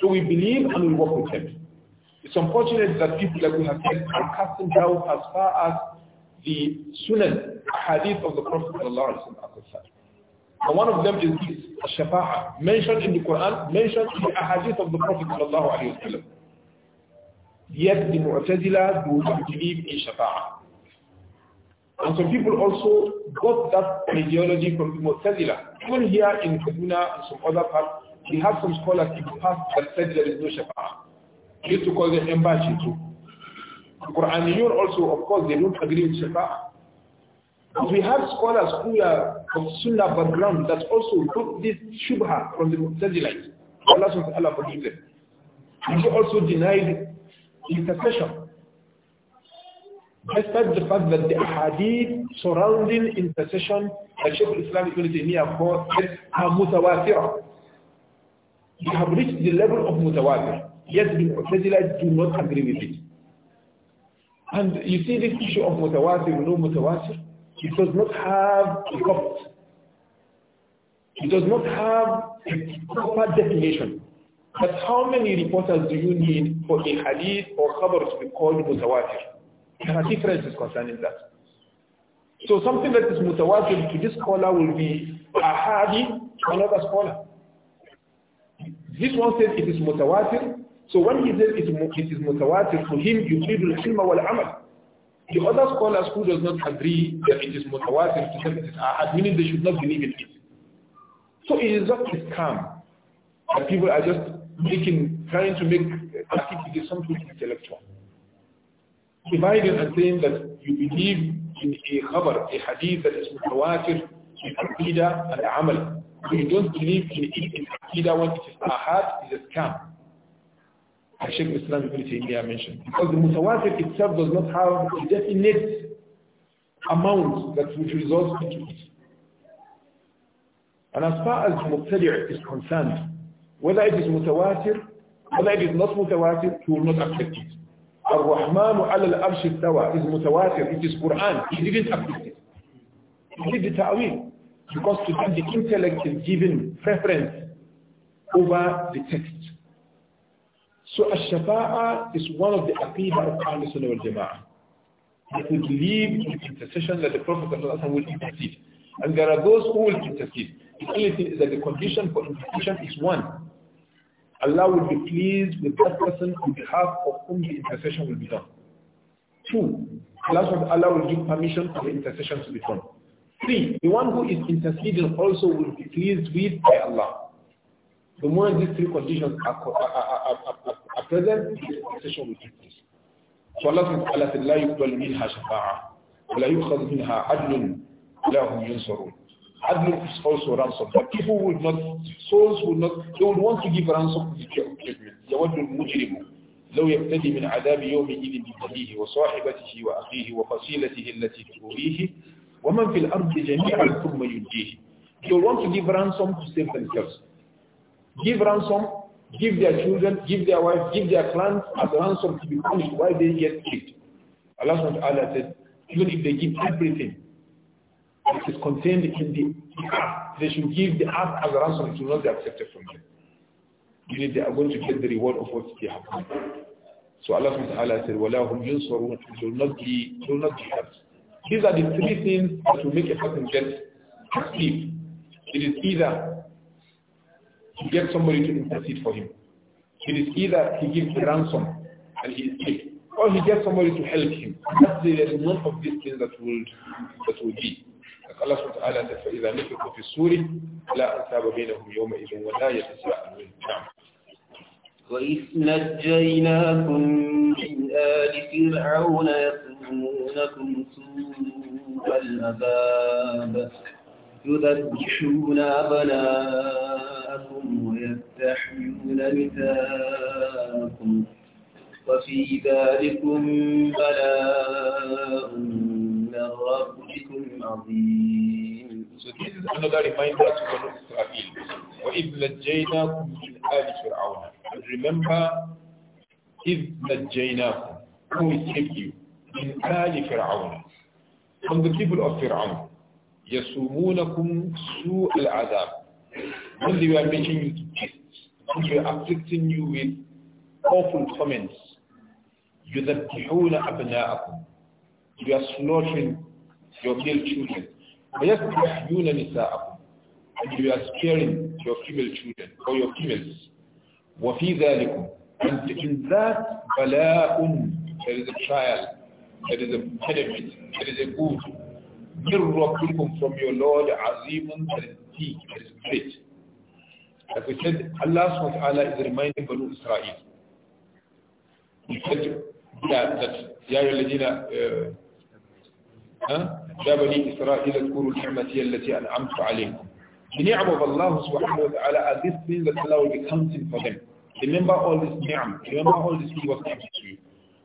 So we believe and we work with them. It's unfortunate that people, like we have said, are casting doubt as far as the sunan, hadith of the Prophet and one of them is this, shafa'a, mentioned in the Quran, mentioned in the hadith of the Prophet sallallahu Yet the Mu'tazila do not believe in shafa'a. And some people also got that ideology from the Mu'tazila. Even here in Kaduna and some other parts, we have some scholars in the past that said there is no shafa'a used to call them embassy too. The Quraniyun also, of course, they don't agree with Shafa'ah. But we have scholars who are of Sunnah background that also took this Shubha from the Mu'tazilites. Allah subhanahu forgive them. And also denied intercession. Despite the fact that the hadith surrounding intercession that Shaykh Islam Ibn Taymiyyah called are mutawatirah. They have reached the level of mutawatir yet the Mu'tazila do not agree with it. And you see this issue of mutawatir, no mutawatir, it does not have a cost. It does not have a proper definition. But how many reporters do you need for a hadith or khabar to be called mutawatir? There are differences concerning that. So something that is mutawatir to this scholar will be a hadith to another scholar. This one says it is mutawatir, so when he says it, it is mutawatir, to him you read the ilma wal-amal. The other scholars who does not agree that it is mutawatir to them it is ahad, meaning they should not believe in it. So it is not a scam that people are just making, trying to make uh, it is something intellectual. Dividing and saying that you believe in a khabar, a hadith that is mutawatir, in aqidah and amal. So you don't believe in it in aqidah when it is ahad, it is a scam. Sheikh Islam Ibn Taymiyyah mentioned. Because the mutawatir itself does not have a definite amount that would result into it. And as far as mubtadi' is concerned, whether it is mutawatir, whether it is not mutawatir, he will not accept it. Ar-Rahmanu ala al-arsh is mutawatir, it is Quran, he didn't accept it. He did the ta'wil, because to the intellect is given preference over the text. So a shafaa is one of the aqidah of Ahlul Sunnah wal Jama'ah. That we believe in intercession that the Prophet will intercede. And there are those who will intercede. The only thing is that the condition for intercession is one. Allah will be pleased with that person on behalf of whom the intercession will be done. Two, Allah, Allah will give permission for the intercession to be done. Three, the one who is interceding also will be pleased with by Allah. The moment these three conditions are, are, are, are At present, this session لَا يُقْبَلْ مِنْهَا شَفَاعَةً وَلَا يؤخذ مِنْهَا عَدْلٌ لَا هُمْ يُنْصَرُونَ عدل is also ransom. But people would not, souls would not, they would want to give ransom to the judgment. يَوَدُّ الْمُجْرِمُ لو يبتدي من عذاب يوم إذ بقليه وصاحبته وأخيه وفصيلته التي تؤويه ومن في الأرض جميعا ثم ينجيه. They want to give ransom to save themselves. Give ransom give their children, give their wives, give their clans as a ransom to be punished while they get kicked. Allah subhanahu wa ta'ala said, even if they give everything is contained in the earth, they should give the earth as a ransom. It will not be accepted from them. Meaning they are going to get the reward of what they have done. So Allah subhanahu wa ta'ala said, وَلَا هُمْ يُنصَرُونَ It will not be, it will not be helped. These are the three things that will make a person get active. It is either to get somebody to intercede for him. It is either he gives a ransom and he is killed, or he gets somebody to help him. That's the none of these things that will that will be. Allah subhanahu wa ta'ala فَإِذَا نفقوا فِي السُّورِ لَا أَنْسَابَ بَيْنَهُمْ يَوْمَئِذٍ وَلَا يَتَسَاءَلُونَ نعم وإذ نجيناكم من آل فرعون يسومونكم سوء العذاب يذبحون أبناءكم ويستحيون نساءكم وفي ذلكم بلاء من ربكم عظيم. So this is another reminder to the Israel. وَإِذْ نَجَّيْنَاكُمْ مِنْ آلِ فِرْعَوْنَ And remember, إِذْ نَجَّيْنَاكُمْ Who is with you? مِنْ آلِ فِرْعَوْنَ From the people of Fir'aun. يَسُومُونَكُمْ سُوءَ الْعَذَابِ When they were making you to taste, when they were afflicting you with awful comments, يُذَبِّحُونَ أَبْنَاءَكُمْ You are slaughtering your male children. وَيَسْتَحْيُونَ نِسَاءَكُمْ And you are sparing your female children or your females. وَفِي ذَلِكُمْ And in that بَلَاءٌ there is a trial, there is a benefit, there is a good Min Rabbikum from your Lord, Azimun, that is that is great. Like we said, Allah SWT is reminding Banu Israel. He said that, that يا أيها الذين يا بني إسرائيل اذكروا نعمتي التي أنعمت عليكم. The ni'am of Allah subhanahu wa ta'ala are these things that Allah will be counting for them. Remember all this ni'am. Remember all this things was given to you.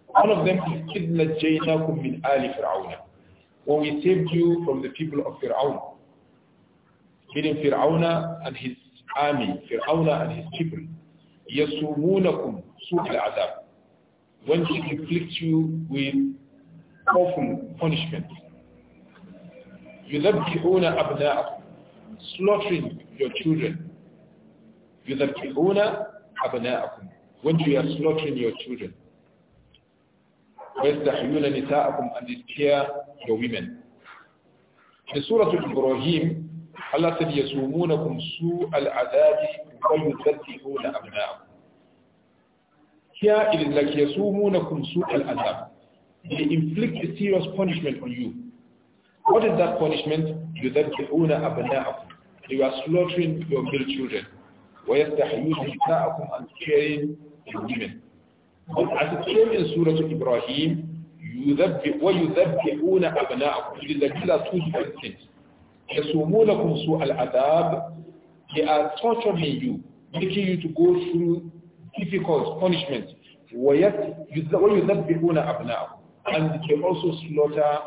One of them is إِذْ نَجَّيْنَاكُمْ مِنْ آلِ فِرْعَوْنَ when we saved you from the people of Fir'aun. Meaning Fir'auna and his army, Fir'auna and his people. يَسُومُونَكُمْ سُوءَ الْعَذَابِ When they inflict you with awful punishment. يُذَبِّحُونَ أَبْنَاءَكُمْ Slaughtering your children. يُذَبِّحُونَ أَبْنَاءَكُمْ When you are slaughtering your children. وَيَسْتَحْيُونَ نِسَاءَكُمْ And they tear the women. In Surah ibrahim Allah said, يَسُومُونَكُمْ سُوءَ الْعَذَابِ وَيُذَبِّحُونَ أَبْنَاءَكُمْ Here it is like يَسُومُونَكُمْ سُوءَ الْعَذَابِ They inflict a serious punishment on you. What is that punishment? يُذَبِّحُونَ أَبْنَاءَكُمْ You are slaughtering your male children. وَيَسْتَحْيُونَ نِسَاءَكُمْ and killing women. But as it came in Surah Ibrahim, ويذبحون أبناءكم للذين لا توجد sins يسومونكم سوء العذاب they are torturing you making you to go through difficult punishment ويذبحون أبناءكم and they also slaughter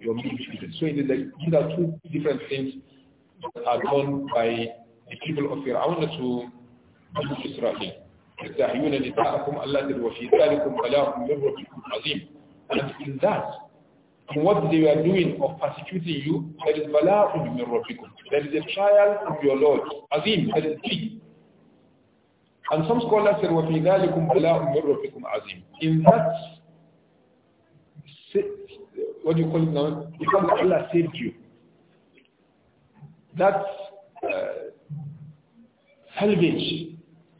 your male children so it is like these are two different things that are done by the people of Fir'aun to Israel يستحيون نساءكم التي وفي ذلكم بلاء من ربكم عظيم and in that, in what they are doing of persecuting you, there is bala'un min rabbikum. There is a trial of your Lord. Azim, that is big. And some scholars said, وَفِي ذَلِكُمْ بَلَاءٌ مِنْ رَبِّكُمْ عَظِيمٌ In that, what do you call it now? Because Allah saved you. That uh, salvage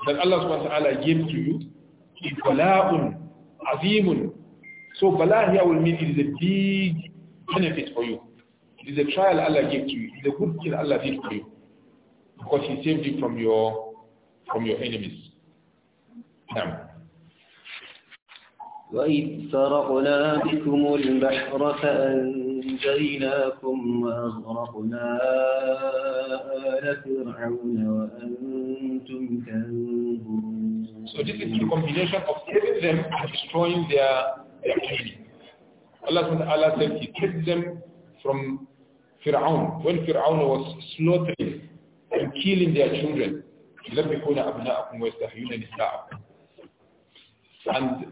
that Allah subhanahu wa ta'ala gave to you is bala'un, azimun, so Bala here will mean it is a big benefit for you. It is a trial Allah gave to you. It is a good thing Allah did for you. Because He saved you from your from your enemies. Now. وإذ فرقنا بكم البحر فأنجيناكم وأغرقنا آل فرعون وأنتم تنظرون So this is the combination of saving them and destroying their Allah subhanahu said he kept them from Fir'aun. When Fir'aun was slaughtering and killing their children, And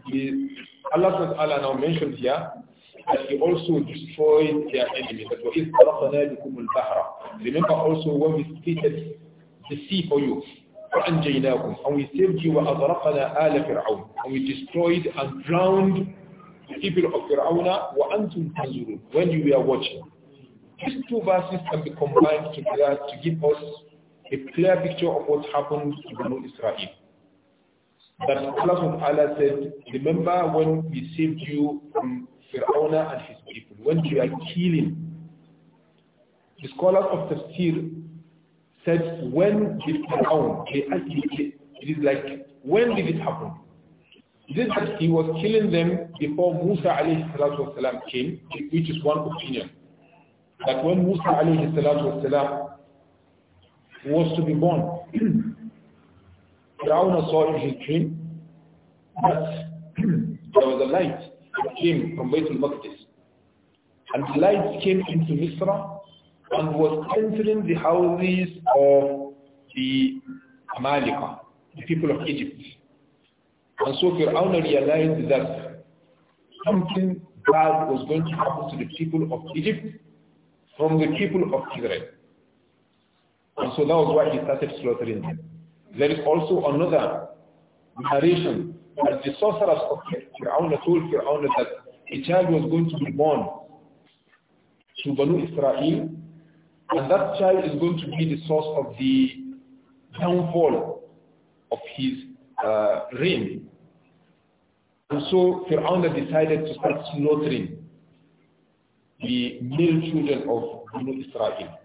Allah subhanahu now mentioned here that he also destroyed their enemies. That Remember also when we split the sea for you. And we saved you And we destroyed and drowned the of Fir'auna wa antum when you were watching. These two verses can be combined together to give us a clear picture of what happened to Banu Israel. That Allah subhanahu said, remember when we saved you from Fir'auna and his people, when you were killing. The scholars of Tafsir said, when did Fir'aun, it is like, when did it happen? Is that he was killing them before Musa والسلام, came, which is one opinion. That when Musa والسلام, was to be born, Fir'aun saw in his dream that there was a light that came from Baitul Maqdis. And the light came into Misra and was entering the houses of the Amalika, the people of Egypt. And so Fir'aun realized that something bad was going to happen to the people of Egypt from the people of Israel. And so that was why he started slaughtering them. There is also another narration that the sorcerers of Fir'aun told Fir'aun that a child was going to be born to Banu Israel and that child is going to be the source of the downfall of his uh, rim. And so Fir'aun decided to start slaughtering the male children of Banu Israel.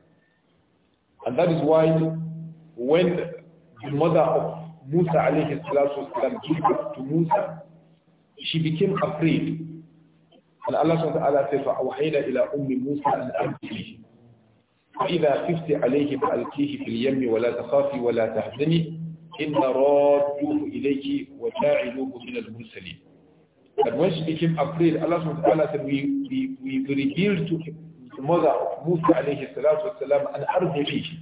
And that is why when the mother of Musa alayhi salatu gave birth to Musa, she became afraid. And Allah subhanahu wa ta'ala says, فَأَوْحَيْنَا إِلَىٰ أُمِّ مُوسَى أَنْ أَمْتِلِهِ فَإِذَا خِفْتِ عَلَيْهِ فَأَلْكِيهِ فِي الْيَمِّ وَلَا تَخَافِي وَلَا تَحْزَنِي إِنَّ رَادُّهُ إِلَيْكِ وَجَاعِلُوهُ مِنَ الْمُرْسَلِينَ But when she became afraid, Allah subhanahu wa ta'ala said, we, we, we revealed to the mother of Musa alayhi salatu wasalam, an arbihi.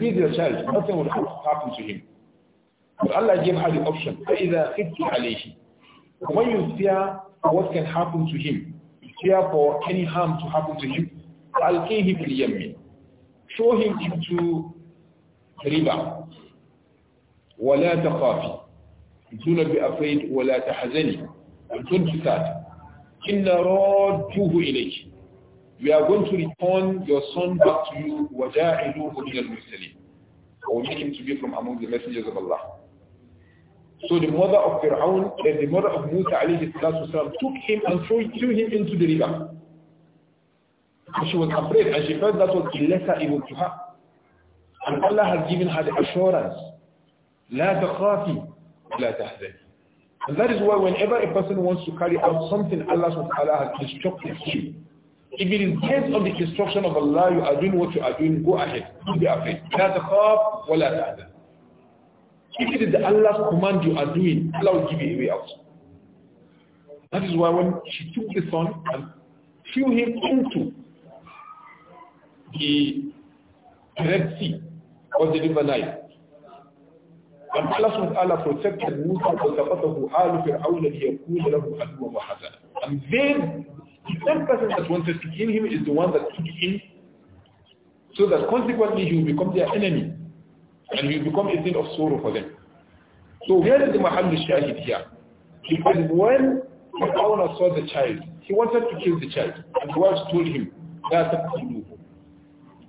feed your child, nothing will happen to him. But Allah gave her the option, فَإِذَا خِدْتِ عَلَيْهِ When you fear what can happen to him, fear for any harm to happen to him, فَأَلْقِيهِ فِي الْيَمِّ Throw him into the river. ولا تخافي ولا تحزني إن رادوه إليك we are going to return your son back to you وجاعلوه من المرسلين or make him to be from among the messengers of Allah so the mother of Fir'aun and the mother of Musa alayhi والسلام, took him and threw, him into the river. And she was afraid and she felt that was a lesser evil to her. And Allah has given her the assurance لا تخافي ولا تحزني. And that is why whenever a person wants to carry out something Allah subhanahu wa ta'ala has instructed you, if it is based on the instruction of Allah, you are doing what you are doing, go ahead. Don't be afraid. لا تخاف ولا تحزن. If it is Allah's command you are doing, Allah will give you a way out. That is why when she took the son and threw him into the Red Sea, was the river Nile, and Allah subhanahu wa ta'ala protected Musa wa sabbatahu alu fir'aun li yakuna lahu aduwwan wa hazana and then the same person that wanted to kill him is the one that took him so that consequently he will become their enemy and he will become a thing of sorrow for them so where is the mahal shahid here because when Fir'aun saw the child he wanted to kill the child and the wife told him لا تقتلوه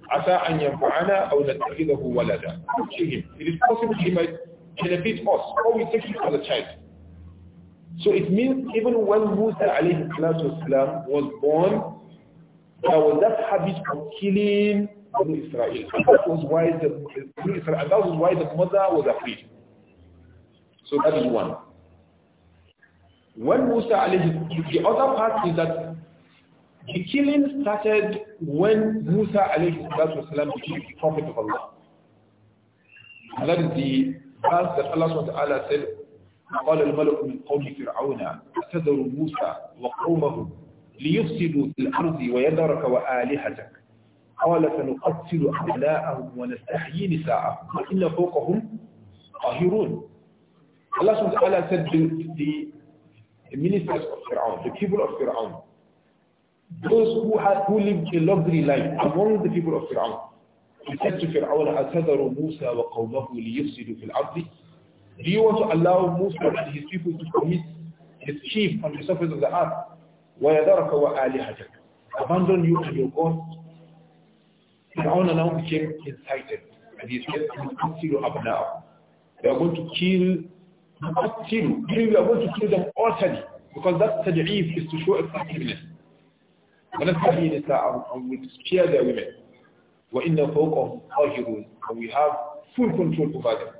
عسى أن ينفعنا أو نتخذه ولدا kill him it is possible he might benefit us, or we take it as a child. So it means even when Musa alayhi salam was born, there was that habit of killing Banu Israel. And that was why the Israel, and that was why the mother was afraid. So that is one. When Musa alayhi, the other part is that the killing started when Musa alayhi والسلام, became the prophet of Allah. And that is the قال الله سبحانه وتعالى سل قال الملك من قوم فرعون أتذر موسى وقومه ليفسدوا في الأرض ويدرك وآلهتك قال سنقتل أبلاءهم ونستحيي نساءهم وان فوقهم قاهرون الله سبحانه وتعالى سل the ministers of فرعون the people of فرعون those who, had, who lived a lovely life among the people of Fir'aun, قلت فرعون أتذر موسى وقومه ليفسدوا في الأرض Do you want to allow Musa and his people to commit his chief on the surface of the earth? وَيَدَرَكَ وَآلِهَتَكَ Abandon you and your God. Fir'aun now became incited and he said, to you up now. We are going to kill, نُقَتِّلُ Meaning we are going to kill them utterly because that tad'if is to show effectiveness. وَنَسْتَعِي نِسَاءً And we spear their women. وَإِنَّ فَوْقَهُمْ rules, And we have full control over them.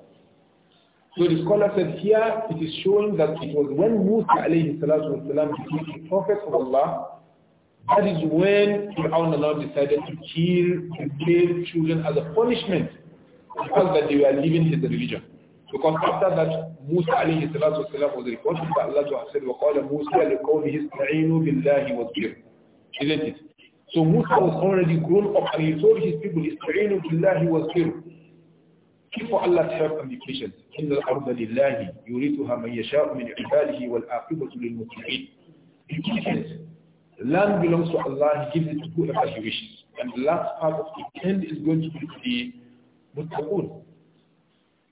So the scholar said here, it is showing that it was when Musa alayhi salatu wasalam became the prophet of Allah, that is when Fir'aun Allah decided to kill the male children as a punishment because that they were leaving his religion. Because after that, Musa alayhi salatu wasalam was reported that Allah to have said, وَقَالَ مُوسَى لِقَوْمِهِ اسْتَعِينُوا بِاللَّهِ وَالْجِرِ Isn't it? So Musa was already grown up and he told his people, Ista'inu billahi wa zkiru. Keep for Allah's help and be patient. إِنَّ الْأَرْضَ لِلَّهِ يُرِثُهَا مَنْ يَشَاءُ مِنْ عِبَادِهِ وَالْآقِبَةُ لِلْمُتَّقِينَ Be patient. Land belongs to Allah, He gives it to whoever He wishes. And the last part of the end is going to be the muttaqun.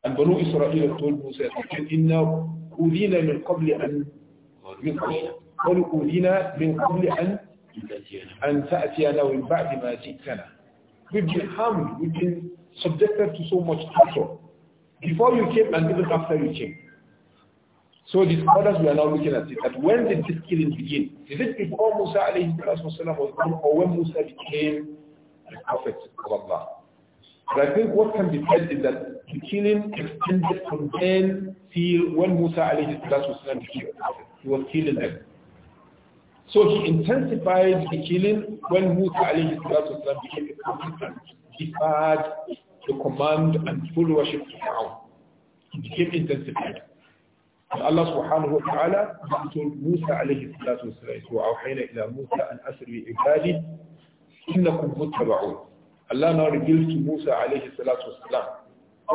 And Banu Israel told Musa, إِنَّا أُذِينَ مِنْ قَبْلِ أَنْ قَالُوا أُذِينَ مِنْ قَبْلِ أَنْ and تأتينا من بعد ما جئتنا We've been harmed, we've been subjected to so much torture before you came and even after you came. So the we are now looking at it, that when did this killing begin? Is it before Musa alayhi was born or when Musa became the prophet of Allah? But I think what can be said is that the killing extended from then till when Musa alayhi wasalam became prophet. He was killing them. So he intensified the killing when Musa alayhi salatu became a participant. He had the command and full worship to Fir'aun. He became intensified. And Allah subhanahu wa ta'ala told Musa alayhi salatu wasalam, وَأَوْحَيْنَا إِلَى مُوسَى أَنْ أَسْرِ بِعِبَادِي إِنَّكُمْ مُتَّبَعُونَ Allah now revealed to Musa alayhi salatu wasalam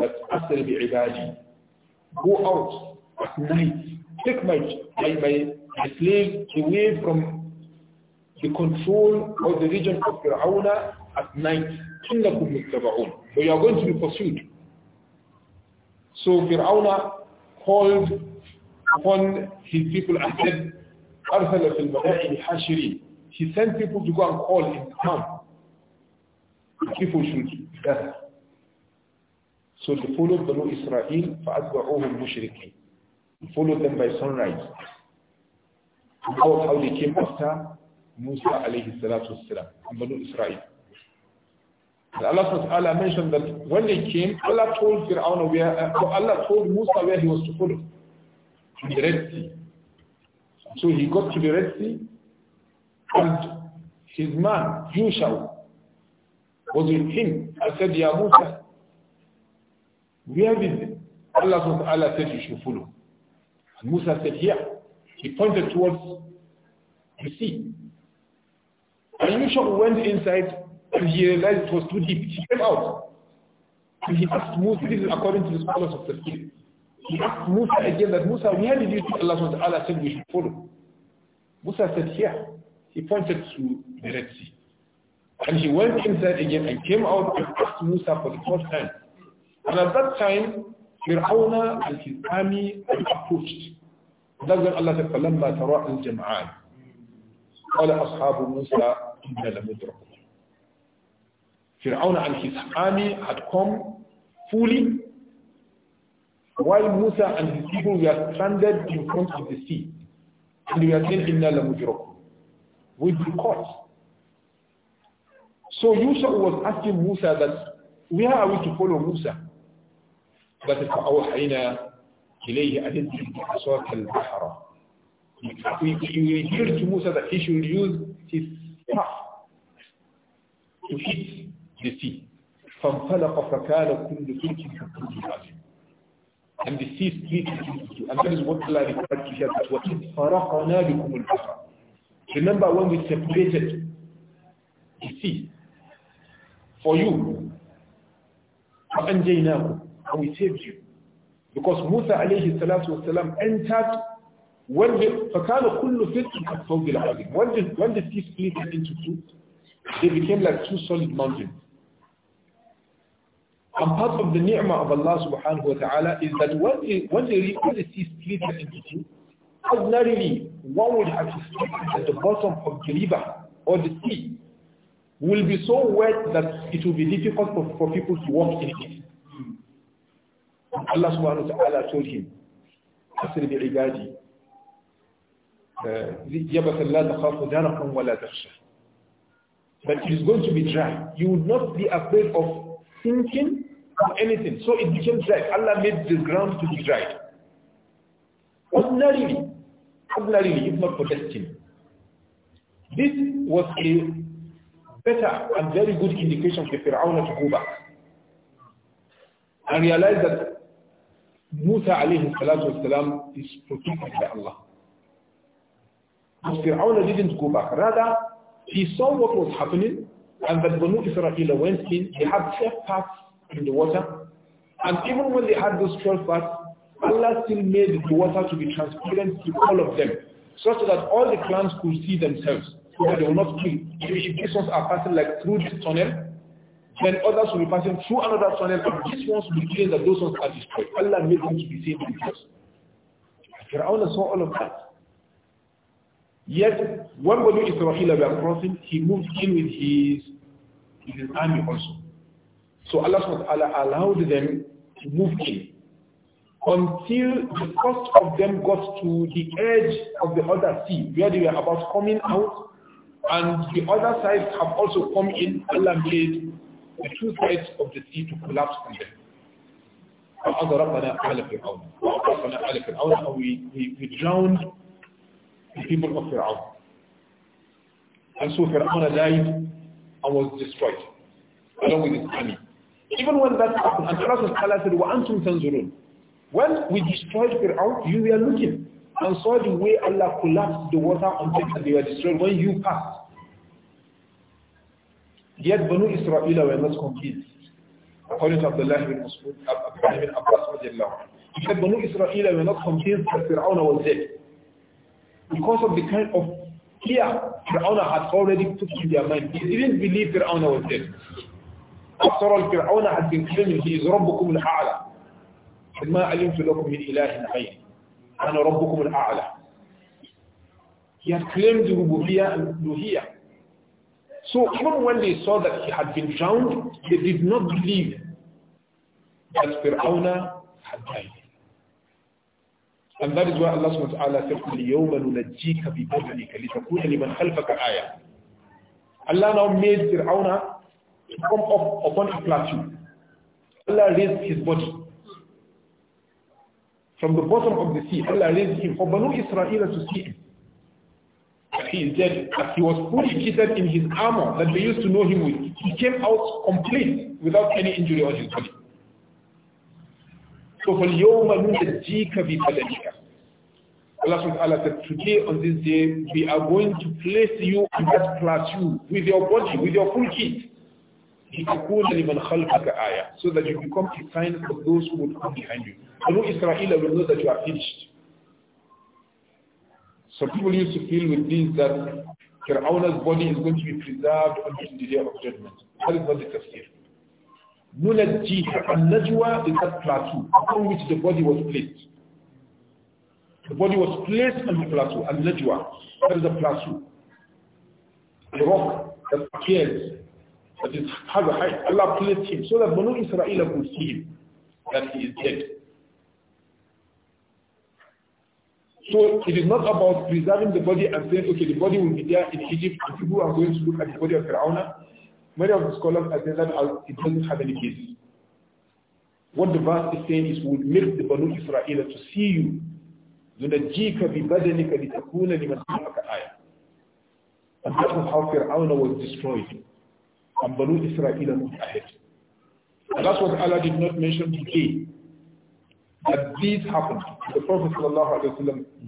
that أَسْرِ Go out at night, take my, my, my they fled away from the control of the region of Fir'aun at night. إِنَّكُمْ مُتَّبَعُونَ But you are going to be pursued. So Fir'aun called upon his people and said, أَرْسَلَ فِي الْمَدَائِنِ حَاشِرِينَ He sent people to go and call him down. People should gather. So they followed the Israel, فَأَتْبَعُوهُمْ مُشْرِكِينَ followed them by sunrise. And that was how they came after Musa alayhi salatu wasalam and Banu Israel. And Allah Ta'ala mentioned that when they came, Allah told Fir'aun where, uh, Allah told Musa where he was to follow, to the Red Sea. So he got to the Red Sea and his man, Yushau, was with him. I said, Ya Musa, where is it? Allah Ta'ala said you should follow. And Musa said, here. Yeah. He pointed towards the sea. And Yusuf went inside and he realized it was too deep. He came out. And he asked Musa, this is according to the scholars of the sea. He asked Musa again that, Musa, where did you think Allah SWT said we should follow? Musa said, here. He pointed to the Red Sea. And he went inside again and came out and asked Musa for the fourth time. And at that time, Fir'auna and his army approached. نزل الله فلما تراءى الجمعان قال أصحاب موسى إنا لمدركون Firaun and his army had come fully while Musa and his people were stranded in front of the sea and they were saying inna lamudrakun we be caught so Yusuf was asking Musa that where are we to follow Musa that is فأوحينا إليه أن أصوات البحر. We, we hear to Musa that he should use his staff to hit the sea. فانطلق فكان كل فلك كالطول العظيم. And the sea split into And that is what Allah referred to here that وَإِذْ فَرَقَنَا بِكُمُ الْبَحْرَ Remember when we separated the sea for you, فَأَنْجَيْنَاكُمْ And we saved you. Because Musa alayhi salatu entered when the, فَكَانَ كُلُّ فِتْءٍ كَالْفَوْضِ الْعَظِيمِ When the, when the sea split into two, they became like two solid mountains. And part of the ni'mah of Allah subhanahu wa ta'ala is that when the, when the, when the sea split into two, ordinarily one would have to sleep at the bottom of the river or the sea will be so wet that it will be difficult for, for people to walk in it. Allah subhanahu wa ta'ala told him, أسر بعبادي يبس لا تخاف درقا ولا تخشى But it is going to be dry. You would not be afraid of sinking or anything. So it became dry. Allah made the ground to be dry. Ordinarily, ordinarily, if not for destiny. This was a better and very good indication for Fir'aun to go back and realize that Musa alayhi salatu wasalam is protected by Allah. But Fir'aun didn't go back. Rather, he saw what was happening and that Banu Israel went in. They had 12 paths in the water. And even when they had those 12 paths, Allah still made the water to be transparent to all of them, such that all the clans could see themselves, so that they will not kill. If these ones are passing like through this tunnel, then others will be passing through another tunnel, and these ones will be clean that those ones are destroyed. Allah made them to be saved and just. Fir'aun saw all of that. Yet, when Banu Israel were crossing, he moved in with his, with his army also. So Allah allowed them to move in until the first of them got to the edge of the other sea, where they were about coming out, and the other sides have also come in. Allah made the two sides of the sea to collapse on them. and we, we, we drowned the people of Fir'aun. And so Fir'aun died and was destroyed along with his army. Even when that happened, and Allah said, وَأَنْتُمْ تَنْزُرُونَ When we destroyed Fir'aun, you were looking and saw the way Allah collapsed the water on them and they were destroyed when you passed. Yet Banu Israel were not complete. According to Abdullah ibn Masud, Abdullah ibn Abbas, he said Banu Israel were not convinced that Fir'aun was dead. Because of the kind of fear Fir'aun had already put in their mind. They didn't believe Fir'aun was dead. After all, Fir'aun had been claiming, he is Rabbukum al-A'la. ما علمت لكم من إله غير أنا ربكم الأعلى. He had claimed Rububiyyah and Luhiyyah. So even when they saw that he had been drowned, they did not believe that Fir'auna had died. And that is why Allah subhanahu wa ta'ala said, الْيَوْمَ نُنَجِّيكَ بِبَدْنِكَ لِتَكُونَ لِمَنْ خَلْفَكَ آيَةً Allah now made Fir'auna to come up upon a plateau. Allah raised his body. From the bottom of the sea, Allah raised him for Banu Israel to see him that he is dead, as he was fully kitted in his armor that they used to know him with, he came out complete without any injury on his body. So فَالْيَوْمَ Allah said, today on this day, we are going to place you in that plateau with your body, with your full kit. So that you become a sign for those who will come behind you. Banu Israel will know that you are finished. Some people used to feel with this that Fir'auna's body is going to be preserved until the day of judgment. That is not the case. Munajjiha and najwa is that plateau upon which the body was placed. The body was placed on the plateau, and That is the plateau. The rock that appears, that is, has a height. Allah placed him so that Banu Israel could see him, that he is dead. So it is not about preserving the body and saying, okay, the body will be there in Egypt and people are going to look at the body of Pharaoh. Many of the scholars are saying that it doesn't have any case. What the verse is saying is, we'll make the Banu Israel to see you. ننجيك ببدنك لتكون لمن خلفك آية. And that was how Fir'aun was destroyed. And Banu Israel moved ahead. And that's what Allah did not mention today that these happened. The Prophet ﷺ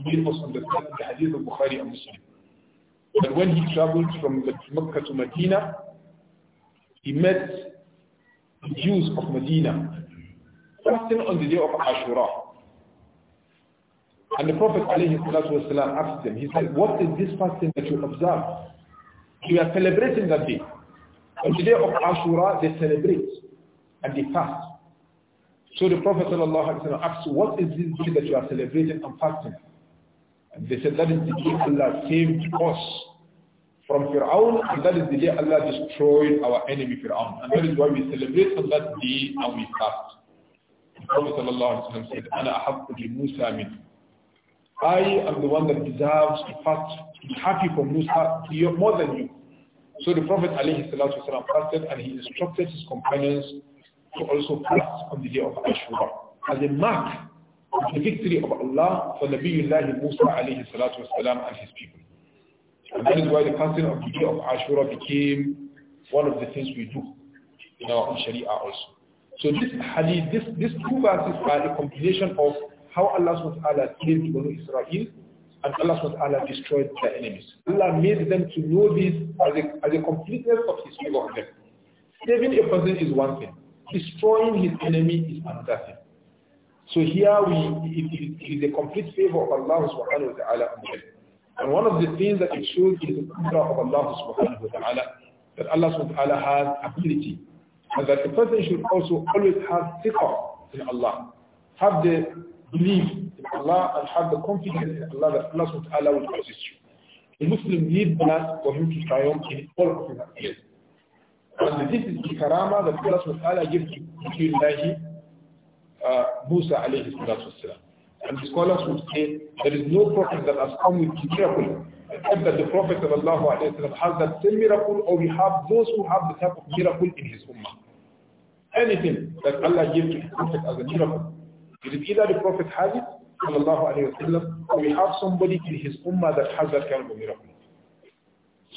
made us understand the hadith of Bukhari and Muslim. That when he traveled from Mecca to Medina, he met the Jews of Medina fasting on the day of Ashura. And the Prophet ﷺ asked them, he said, what is this fasting that you observe? You are celebrating that day. On the day of Ashura, they celebrate and they fast. So the Prophet ﷺ asked, what is this day that you are celebrating and fasting? And they said, that is the day Allah saved us from Fir'aun, and that is the day Allah destroyed our enemy Fir'aun. And that is why we celebrate on that day and we fast. The Prophet ﷺ said, أَنَا أَحَبْتُ لِمُوسَى I am the one that deserves to fast, to be happy for Musa more than you. So the Prophet ﷺ fasted and he instructed his companions to also fast on the day of Ashura as a mark of the victory of Allah for Nabiullah Musa alayhi salatu wasalam and his people. And that is why the fasting of the day of Ashura became one of the things we do in our own Sharia also. So this hadith, this, two verses are a combination of how Allah SWT saved Banu Israel and Allah SWT destroyed their enemies. Allah made them to know this as a, as a completeness of his favor on them. Saving a person is one thing destroying his enemy is uncertain. So here we, it, it is a complete favor of Allah subhanahu wa ta'ala And one of the things that it shows is the power of Allah subhanahu wa ta'ala, that Allah subhanahu wa ta'ala has ability. And that the person should also always have thiqah in Allah, have the belief in Allah and have the confidence in Allah that Allah subhanahu wa ta'ala will assist you. A Muslim needs that for him to triumph in all of his affairs. And this is the karama that Allah subhanahu wa ta'ala gives to Allahi, uh, Musa alayhi salatu wasalam. And the scholars would say there is no prophet that has come with the miracle except that the prophet of Allah has that same miracle or we have those who have the type of miracle in his ummah. Anything that Allah gives to his prophet as a miracle, it is either the prophet has it, sallallahu alayhi or we have somebody in his ummah that has that kind of miracle.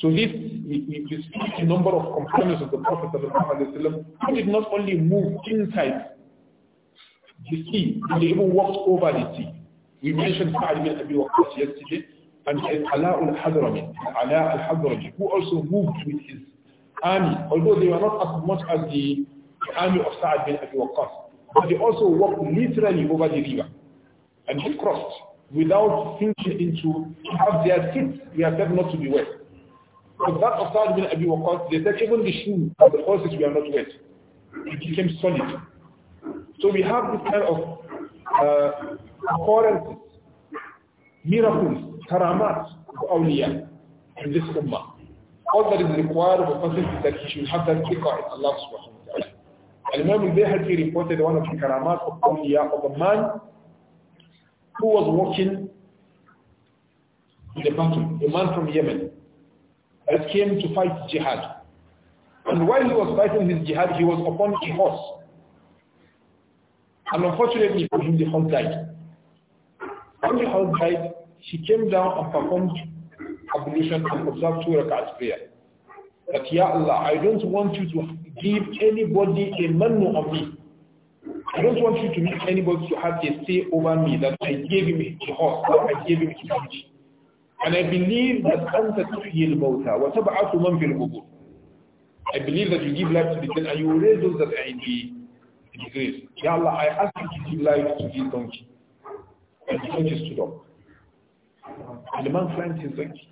So this, you, you see the number of companions of the Prophet They did not only move inside the sea, but they even walked over the sea. We mentioned Sa'ad Ibn Abi Waqqas yesterday, and Ala al-Hadrami, Ala al-Hadrami, who also moved with his army, although they were not as much as the, army of Sa'ad Ibn Abi Waqqas, but they also walked literally over the river, and he crossed without thinking into, have their feet? they are said not to be wet. Because that of Sa'd bin Abi Waqqas, they said even the shoe of the horses were not wet. It became solid. So we have this kind of uh, occurrences, miracles, karamat of awliya in this ummah. All that is required of a person is that he should have that tiqa in Allah subhanahu wa ta'ala. Al-Imam al-Bayhaqi reported one of the karamat of awliya of a man who was walking in the battle, a man from Yemen that came to fight jihad. And while he was fighting his jihad, he was upon a horse. And unfortunately for him, the horse died. When the horse died, he came down and performed ablution and observed two rakats prayer. That, Ya Allah, I don't want you to give anybody a manu of me. I don't want you to make anybody to have a say over me that I gave him a horse or I gave him a country. And I believe that أنت تحيي الموتى وتبعث من في القبور. I believe that you give life to the dead and you will raise those that are in the, in the grave. Ya Allah, I ask you to give life to this donkey. And the donkey stood up. And the man climbed his donkey.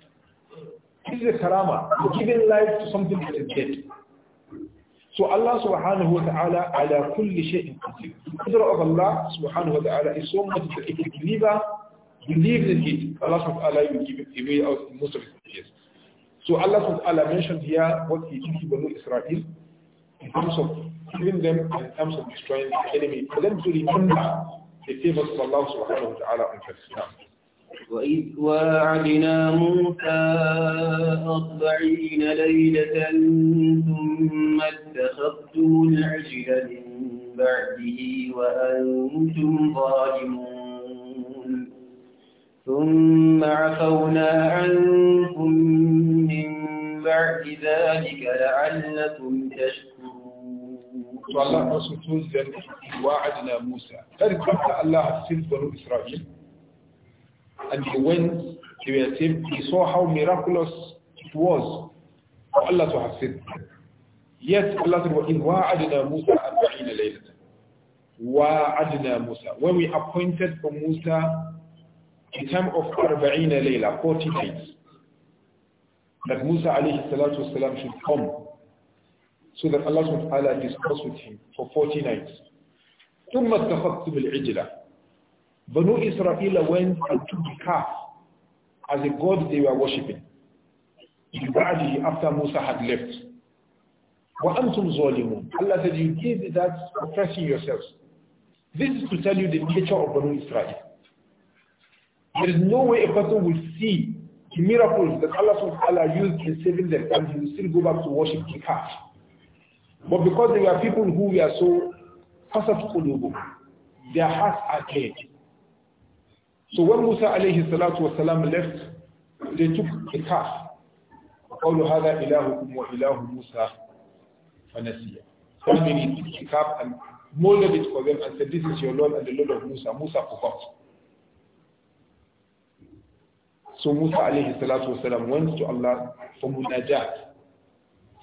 This is a karama, giving life to something that is dead. So Allah subhanahu wa ta'ala ala kulli shay'in qadir. The qadr of Allah subhanahu wa ta'ala is so much that if a believer believes in it, Allah subhanahu wa ta'ala will give it away out in most of his cases. So Allah subhanahu wa ta'ala mentioned here what he did to Banu Israel in terms of killing them and in terms of destroying the enemy. For them to remember the favors of Allah subhanahu wa ta'ala on Islam. وإذ واعدنا موسى أربعين ليلة ثم اتخذتم العجل من بعده وأنتم ظالمون ثم عفونا عنكم من بعد ذلك لعلكم تشكرون والله سبحانه وعدنا موسى فارجع الله سيد بنو إسرائيل and he went to a team he saw how miraculous it was for Allah to have said them Yes, Allah said, وَإِذْ وَاعَدْنَا مُوسَى أَرْبَعِينَ لَيْلَةً وَاعَدْنَا مُوسَى When we appointed for Musa in time of Arba'ina Layla, 40 days, that Musa alayhi salatu wasalam should come so that Allah subhanahu wa ta'ala discuss with him for 40 nights. ثم اتخذتم العجلة Banu Israel went and took the calf as a god they were worshipping. After Musa had left. Allah said, you did that oppressing yourselves. This is to tell you the nature of Banu Israel. There is no way a person will see the miracles that Allah subhanahu used in saving them and he will still go back to worship the calf. But because they were people who were so fasat qulubu, their hearts are dead. So when Musa alayhi salatu wasalam left, they took the calf. قالوا هذا إلهكم وإله موسى فنسيه. So they took the calf and molded it for them and said, this is your Lord and the Lord of Musa. Musa forgot. So Musa alayhi salatu wasalam went to Allah for munajat.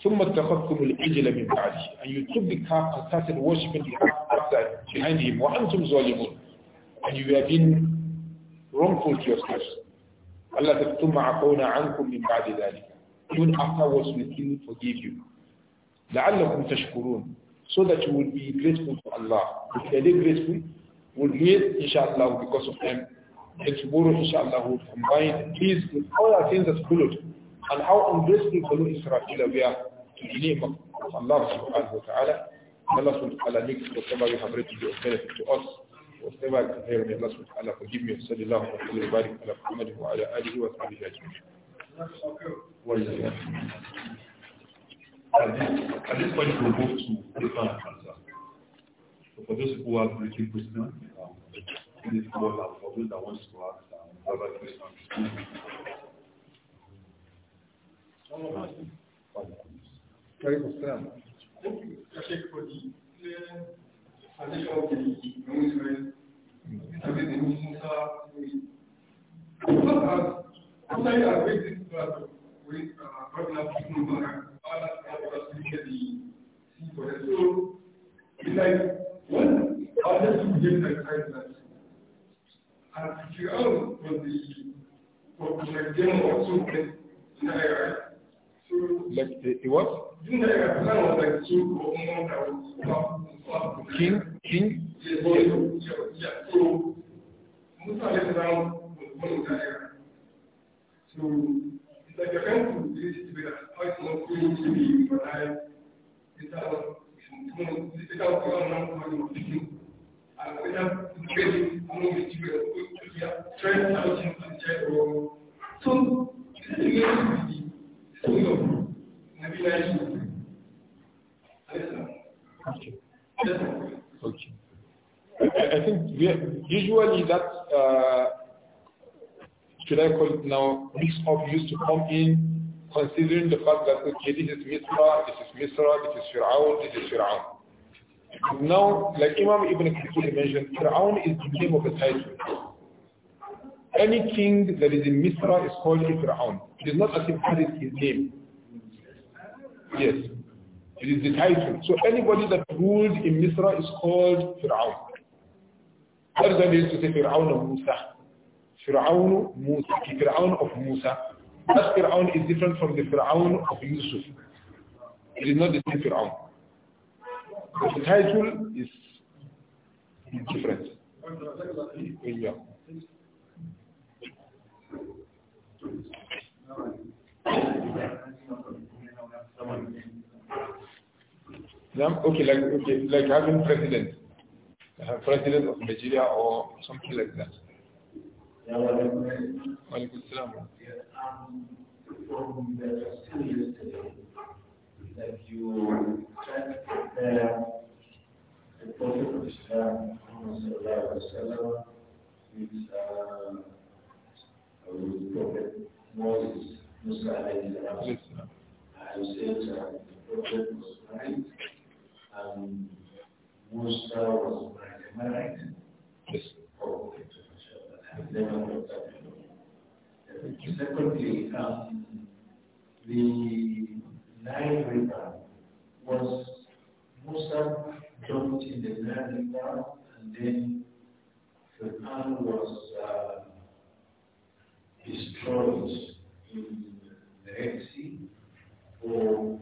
ثم اتخذتم العجل من بعده and you took the calf and started worshipping the calf after behind him وأنتم ظالمون and you have been wrongful to yourselves Allah said ثم عفونا عنكم من بعد ذلك even afterwards we still forgive you لعلكم تشكرون so that you will be grateful to Allah if they are grateful will meet, inshallah because of them that tomorrow, inshallah, will combine these with other things that followed and how ungrateful Banu Israel are to the name of Allah subhanahu wa ta'ala. Allah subhanahu wa ta'ala makes whatever we have read to be benefit to us. Whatever I can hear, may Allah subhanahu wa ta'ala forgive me. Sallallahu alayhi wa wa alihi wa At this point, we'll move to the final answer. So for those who this call for those that want to um, and Thank you, for the clear foundation of the movement. After you have read this the for So give kindness? and the like also Naira. So like the, the what? Naira was like two or more that was King King. yeah, yeah, yeah. So Musa was Naira. So it's like you're to that not going to be, but I it's it's it's it's and whether So, is really the story of Okay. okay. I, I think we, usually that, uh, should I call it now, mix of used to come in considering the fact that okay, this is Mithra, this is Misra, this is Fir'aun, this is Fir'aun. Now, like Imam Ibn Kathir mentioned, Fir'aun is the name of a title. Any king that is in Misra is called Fir'aun. It is not as if that is his name. Yes. It is the title. So anybody that ruled in Misra is called Fir'aun. That is why used to say Fir'aun of Musa. Fir'aun Musa. The Fir'aun of Musa. That Fir'aun is different from the Fir'aun of Yusuf. It is not the same Fir'aun the title is different. Yeah. Okay, like okay, like having president, uh, president of Nigeria or something like that. Yeah. Um, well, that you check uh, the, the Prophet of Islam وسلم, with, uh, with Prophet Moses, Musa alayhi salam. I uh, said uh, the Prophet was married, Musa was married. Am I right? Yes. Oh, okay. Uh, secondly, um, the nine was Musa dumped in the nine and then the plan was uh, destroyed in the Red Sea or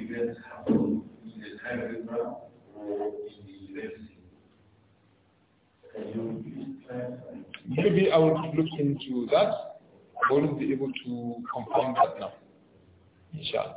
events happened in the nine or in the Red Sea. Can you please clarify? Maybe I would look into that. I wouldn't be able to confirm that now. Inshallah.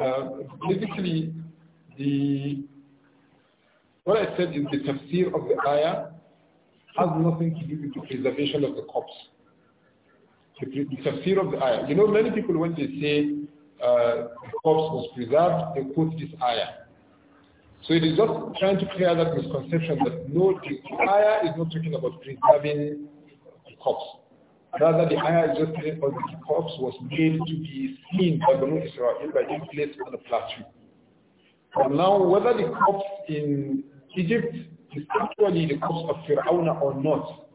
Uh, basically, the what I said is the tafsir of the ayah has nothing to do with the preservation of the corpse. The, the tafsir of the ayah. You know, many people when they say uh, the corpse was preserved, they quote this ayah. So it is just trying to clear that misconception that no, the ayah is not talking about preserving the cups. Rather, the ayah is just telling us that the cups was made to be seen by the Israel by being placed on a plateau. And now, whether the cups in Egypt is actually the cups of Fir'aun or not,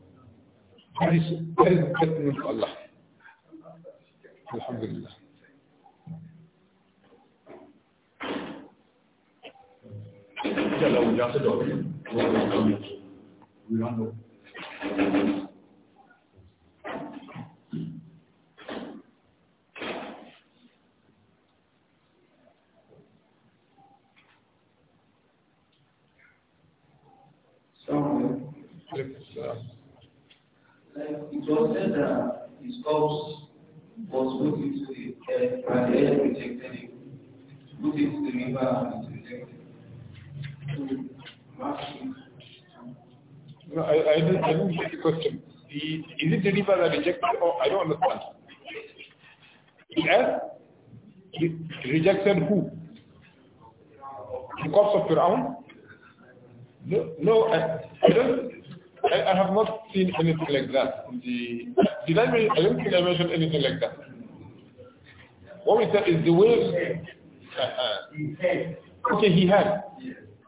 that is, that is of Allah. Alhamdulillah. inshallah we it was said that his corpse was put into the and the air rejected the river no, I, I, didn't, I didn't get the question. The, is it the that rejected or I don't understand. Yes? Rejected who? Because of Firaun? No, no I, I don't. I, I, have not seen anything like that. The, did I, I don't think I mentioned anything like that. What we said is the way... Uh, uh, okay, he had.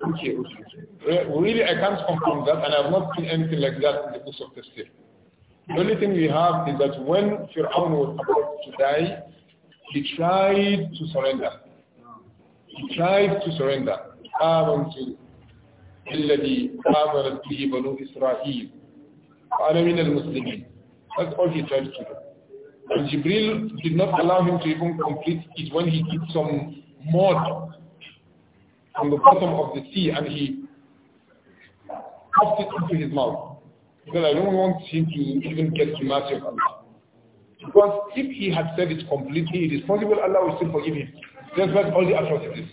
Okay, okay. Uh, really, I can't confirm that, and I've not seen anything like that in the books of the state. The only thing we have is that when Fir'aun was about to die, he tried to surrender. He tried to surrender. آمنت الذي آمنت به بنو إسرائيل وأنا من المسلمين. That's all he tried to do. And Jibril did not allow him to even complete it when he did some more from the bottom of the sea and he puffed it into his mouth. Because I don't want him to even get to mercy of Allah. Because if he had said it completely, it is possible Allah will still forgive him. That's what all the atrocities.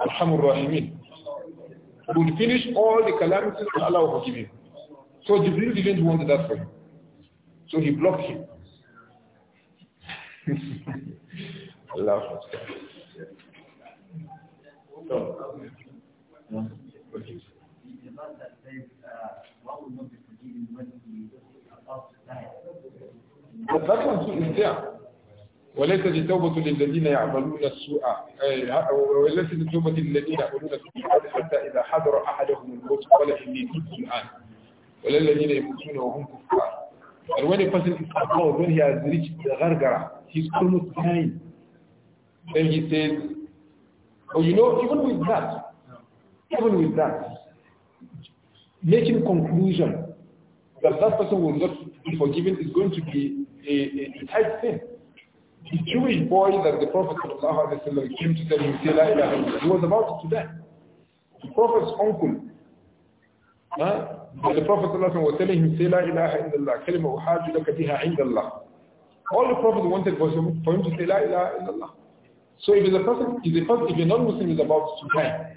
Alhamdulillah. Rahimin. He would finish all the calamities and Allah will forgive him. So Jibril didn't want that for him. So he blocked him. Allah that one is there. وليس لتوبة للذين يعملون السوء وليس لتوبة للذين يعملون السوء حتى إذا حضر أحدهم الموت قال إني تبت الآن ولا الذين يموتون وهم كفار And when a person is above, when he has reached the gargara, he's almost dying. Then he says, or oh, you know, even with that, even with that, making conclusion that that person will not be forgiven is going to be a, a, a tight thing. The Jewish boy that the Prophet came to tell him, say, La he was about to die. The Prophet's uncle, huh? the Prophet was telling him, say, La ilaha illallah, kalima uhaju laka biha indallah. All the Prophet wanted was for him to say, La ilaha illallah. So if the person is a person, if a non-Muslim is about to die,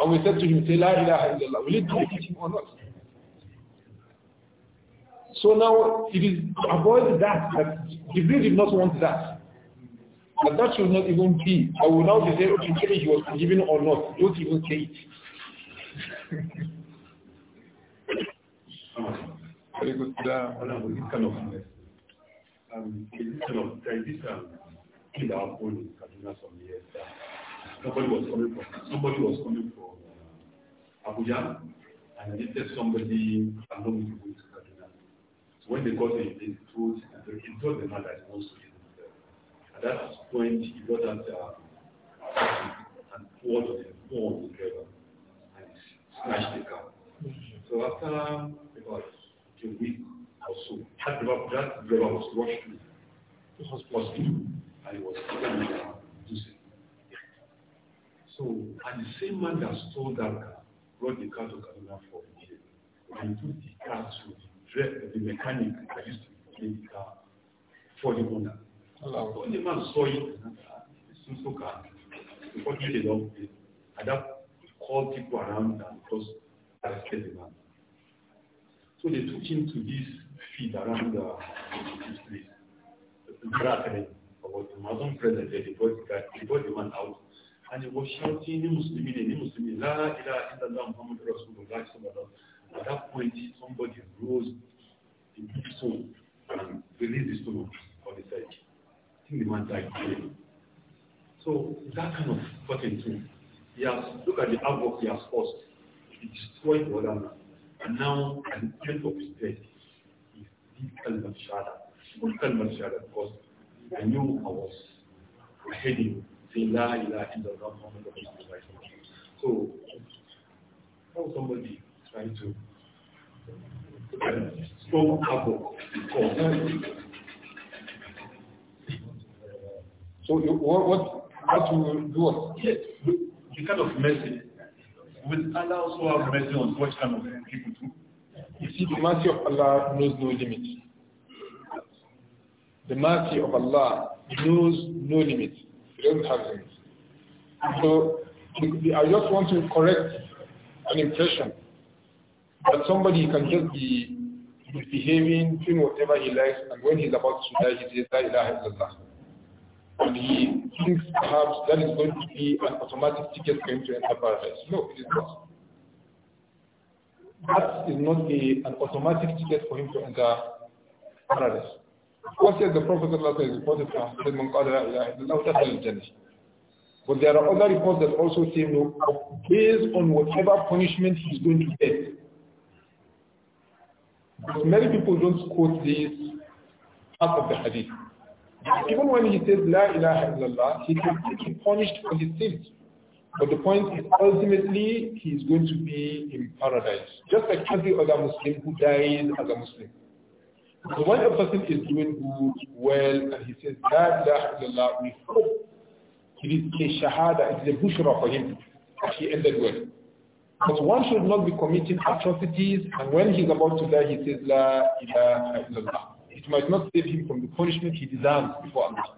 and we said to him, say La ilaha illallah, will it benefit him or not? So now it is to avoid that that Jibril did not want that. that should not even be. I will now say, saying, okay, maybe he was forgiven or not. Don't even say it. Very good. Uh, kind of, um, kind of, this uh, Nigeria some years back. Somebody was coming from somebody was coming from uh, Abuja and needed somebody along with to Kaduna. So when they got there, they told he told them that he wants to kill himself. At that point, he got that uh, and poured on him, poured on and smashed the car. So after about a week or so, that driver, that driver was rushed to hospital, and he was taken so, and the same man that stole that car brought the car to Kaduna for repair. And took the car to the mechanic that used to repair the car for the owner. So when the man saw it, he saw the car. Unfortunately, they don't pay. And that called people around and just arrested the man. So they took him to this field around the, uh, this place. The Maradon president, they brought the, guy, they brought the man out a ní wọ́n ṣáàtì ní mùsùlùmí ní mùsùlùmí láàrín àìsíndàdà muhammadu rasulullah sallallahu at that point somebody rose the big stone and released the stone on the side i think the man died so that kind of fucking thing he has look at the havoc he has caused he destroyed the other man and now at the end of his death he did kalmar shahada full kalmar shahada because I knew I was heading say La ilaha illallah Muhammad So, how somebody trying to stone apple So what, what, what you do Yes, the kind of mercy. Will Allah also have mercy on what kind of people too? You see, the mercy of Allah knows no limits. The mercy of Allah knows no limits. He not have So I just want to correct an impression that somebody can just be misbehaving, doing whatever he likes, and when he's about to die, he says, La ilaha illallah. And he thinks perhaps that is going to be an automatic ticket going to enter paradise. No, it is not. That is not a, an automatic ticket for him to enter paradise. What says the Prophet is reported from Salman Qadra ilaha illallah, that's al Jannah. But there are other reports that also say no, based on whatever punishment he's going to get. But many people don't quote this part of the hadith. Even when he says La ilaha illallah, he can be punished for his sins. But the point is ultimately he is going to be in paradise, just like every other Muslim who dies as a Muslim. So when a person is doing good, well, and he says, La ilaha illallah, we hope it is a shahada, it is a bushra for him. He ended well. But one should not be committing atrocities, and when he's about to die, he says, La ilaha illallah. It might not save him from the punishment he deserves before Allah.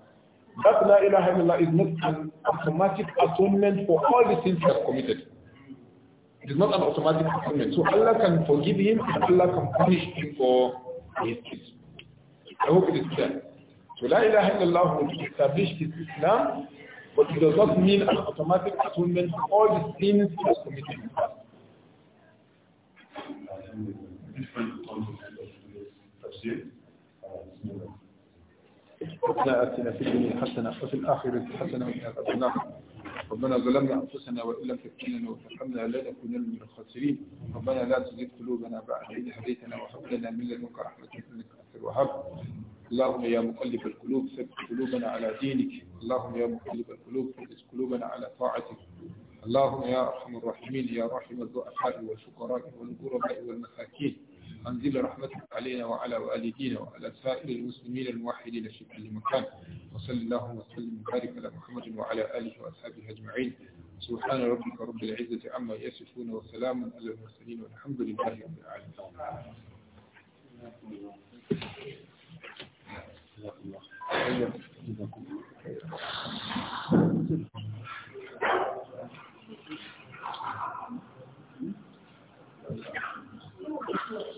That La ilaha illallah is not an automatic atonement for all the sins he has committed. It is not an automatic atonement. So Allah can forgive him, and Allah can punish him for I hope it is clear. So La ilaha illallah will establish his Islam, but it does not mean an automatic atonement for all the sins he has committed in the past. ربنا آتنا في الدنيا حسنة وفي الآخرة حسنة وقنا عذاب النار ربنا ظلمنا أنفسنا وإن لم تكن لنا وترحمنا لنكونن من الخاسرين ربنا لا تزغ قلوبنا بعد إذ هديتنا وهب لنا من لدنك رحمة إنك أنت الوهاب اللهم يا مقلب القلوب ثبت قلوبنا على دينك اللهم يا مقلب القلوب ثبت قلوبنا على طاعتك اللهم يا أرحم الراحمين يا رحم الضعفاء والفقراء والغرباء والمساكين أنزل رحمتك علينا وعلى والدينا وعلى سائر المسلمين الموحدين في كل مكان وصلى اللهم وسلم وبارك على محمد وعلى آله وأصحابه أجمعين سبحان ربك رب العزة عما يصفون وسلام على المرسلين والحمد لله رب العالمين Thank you.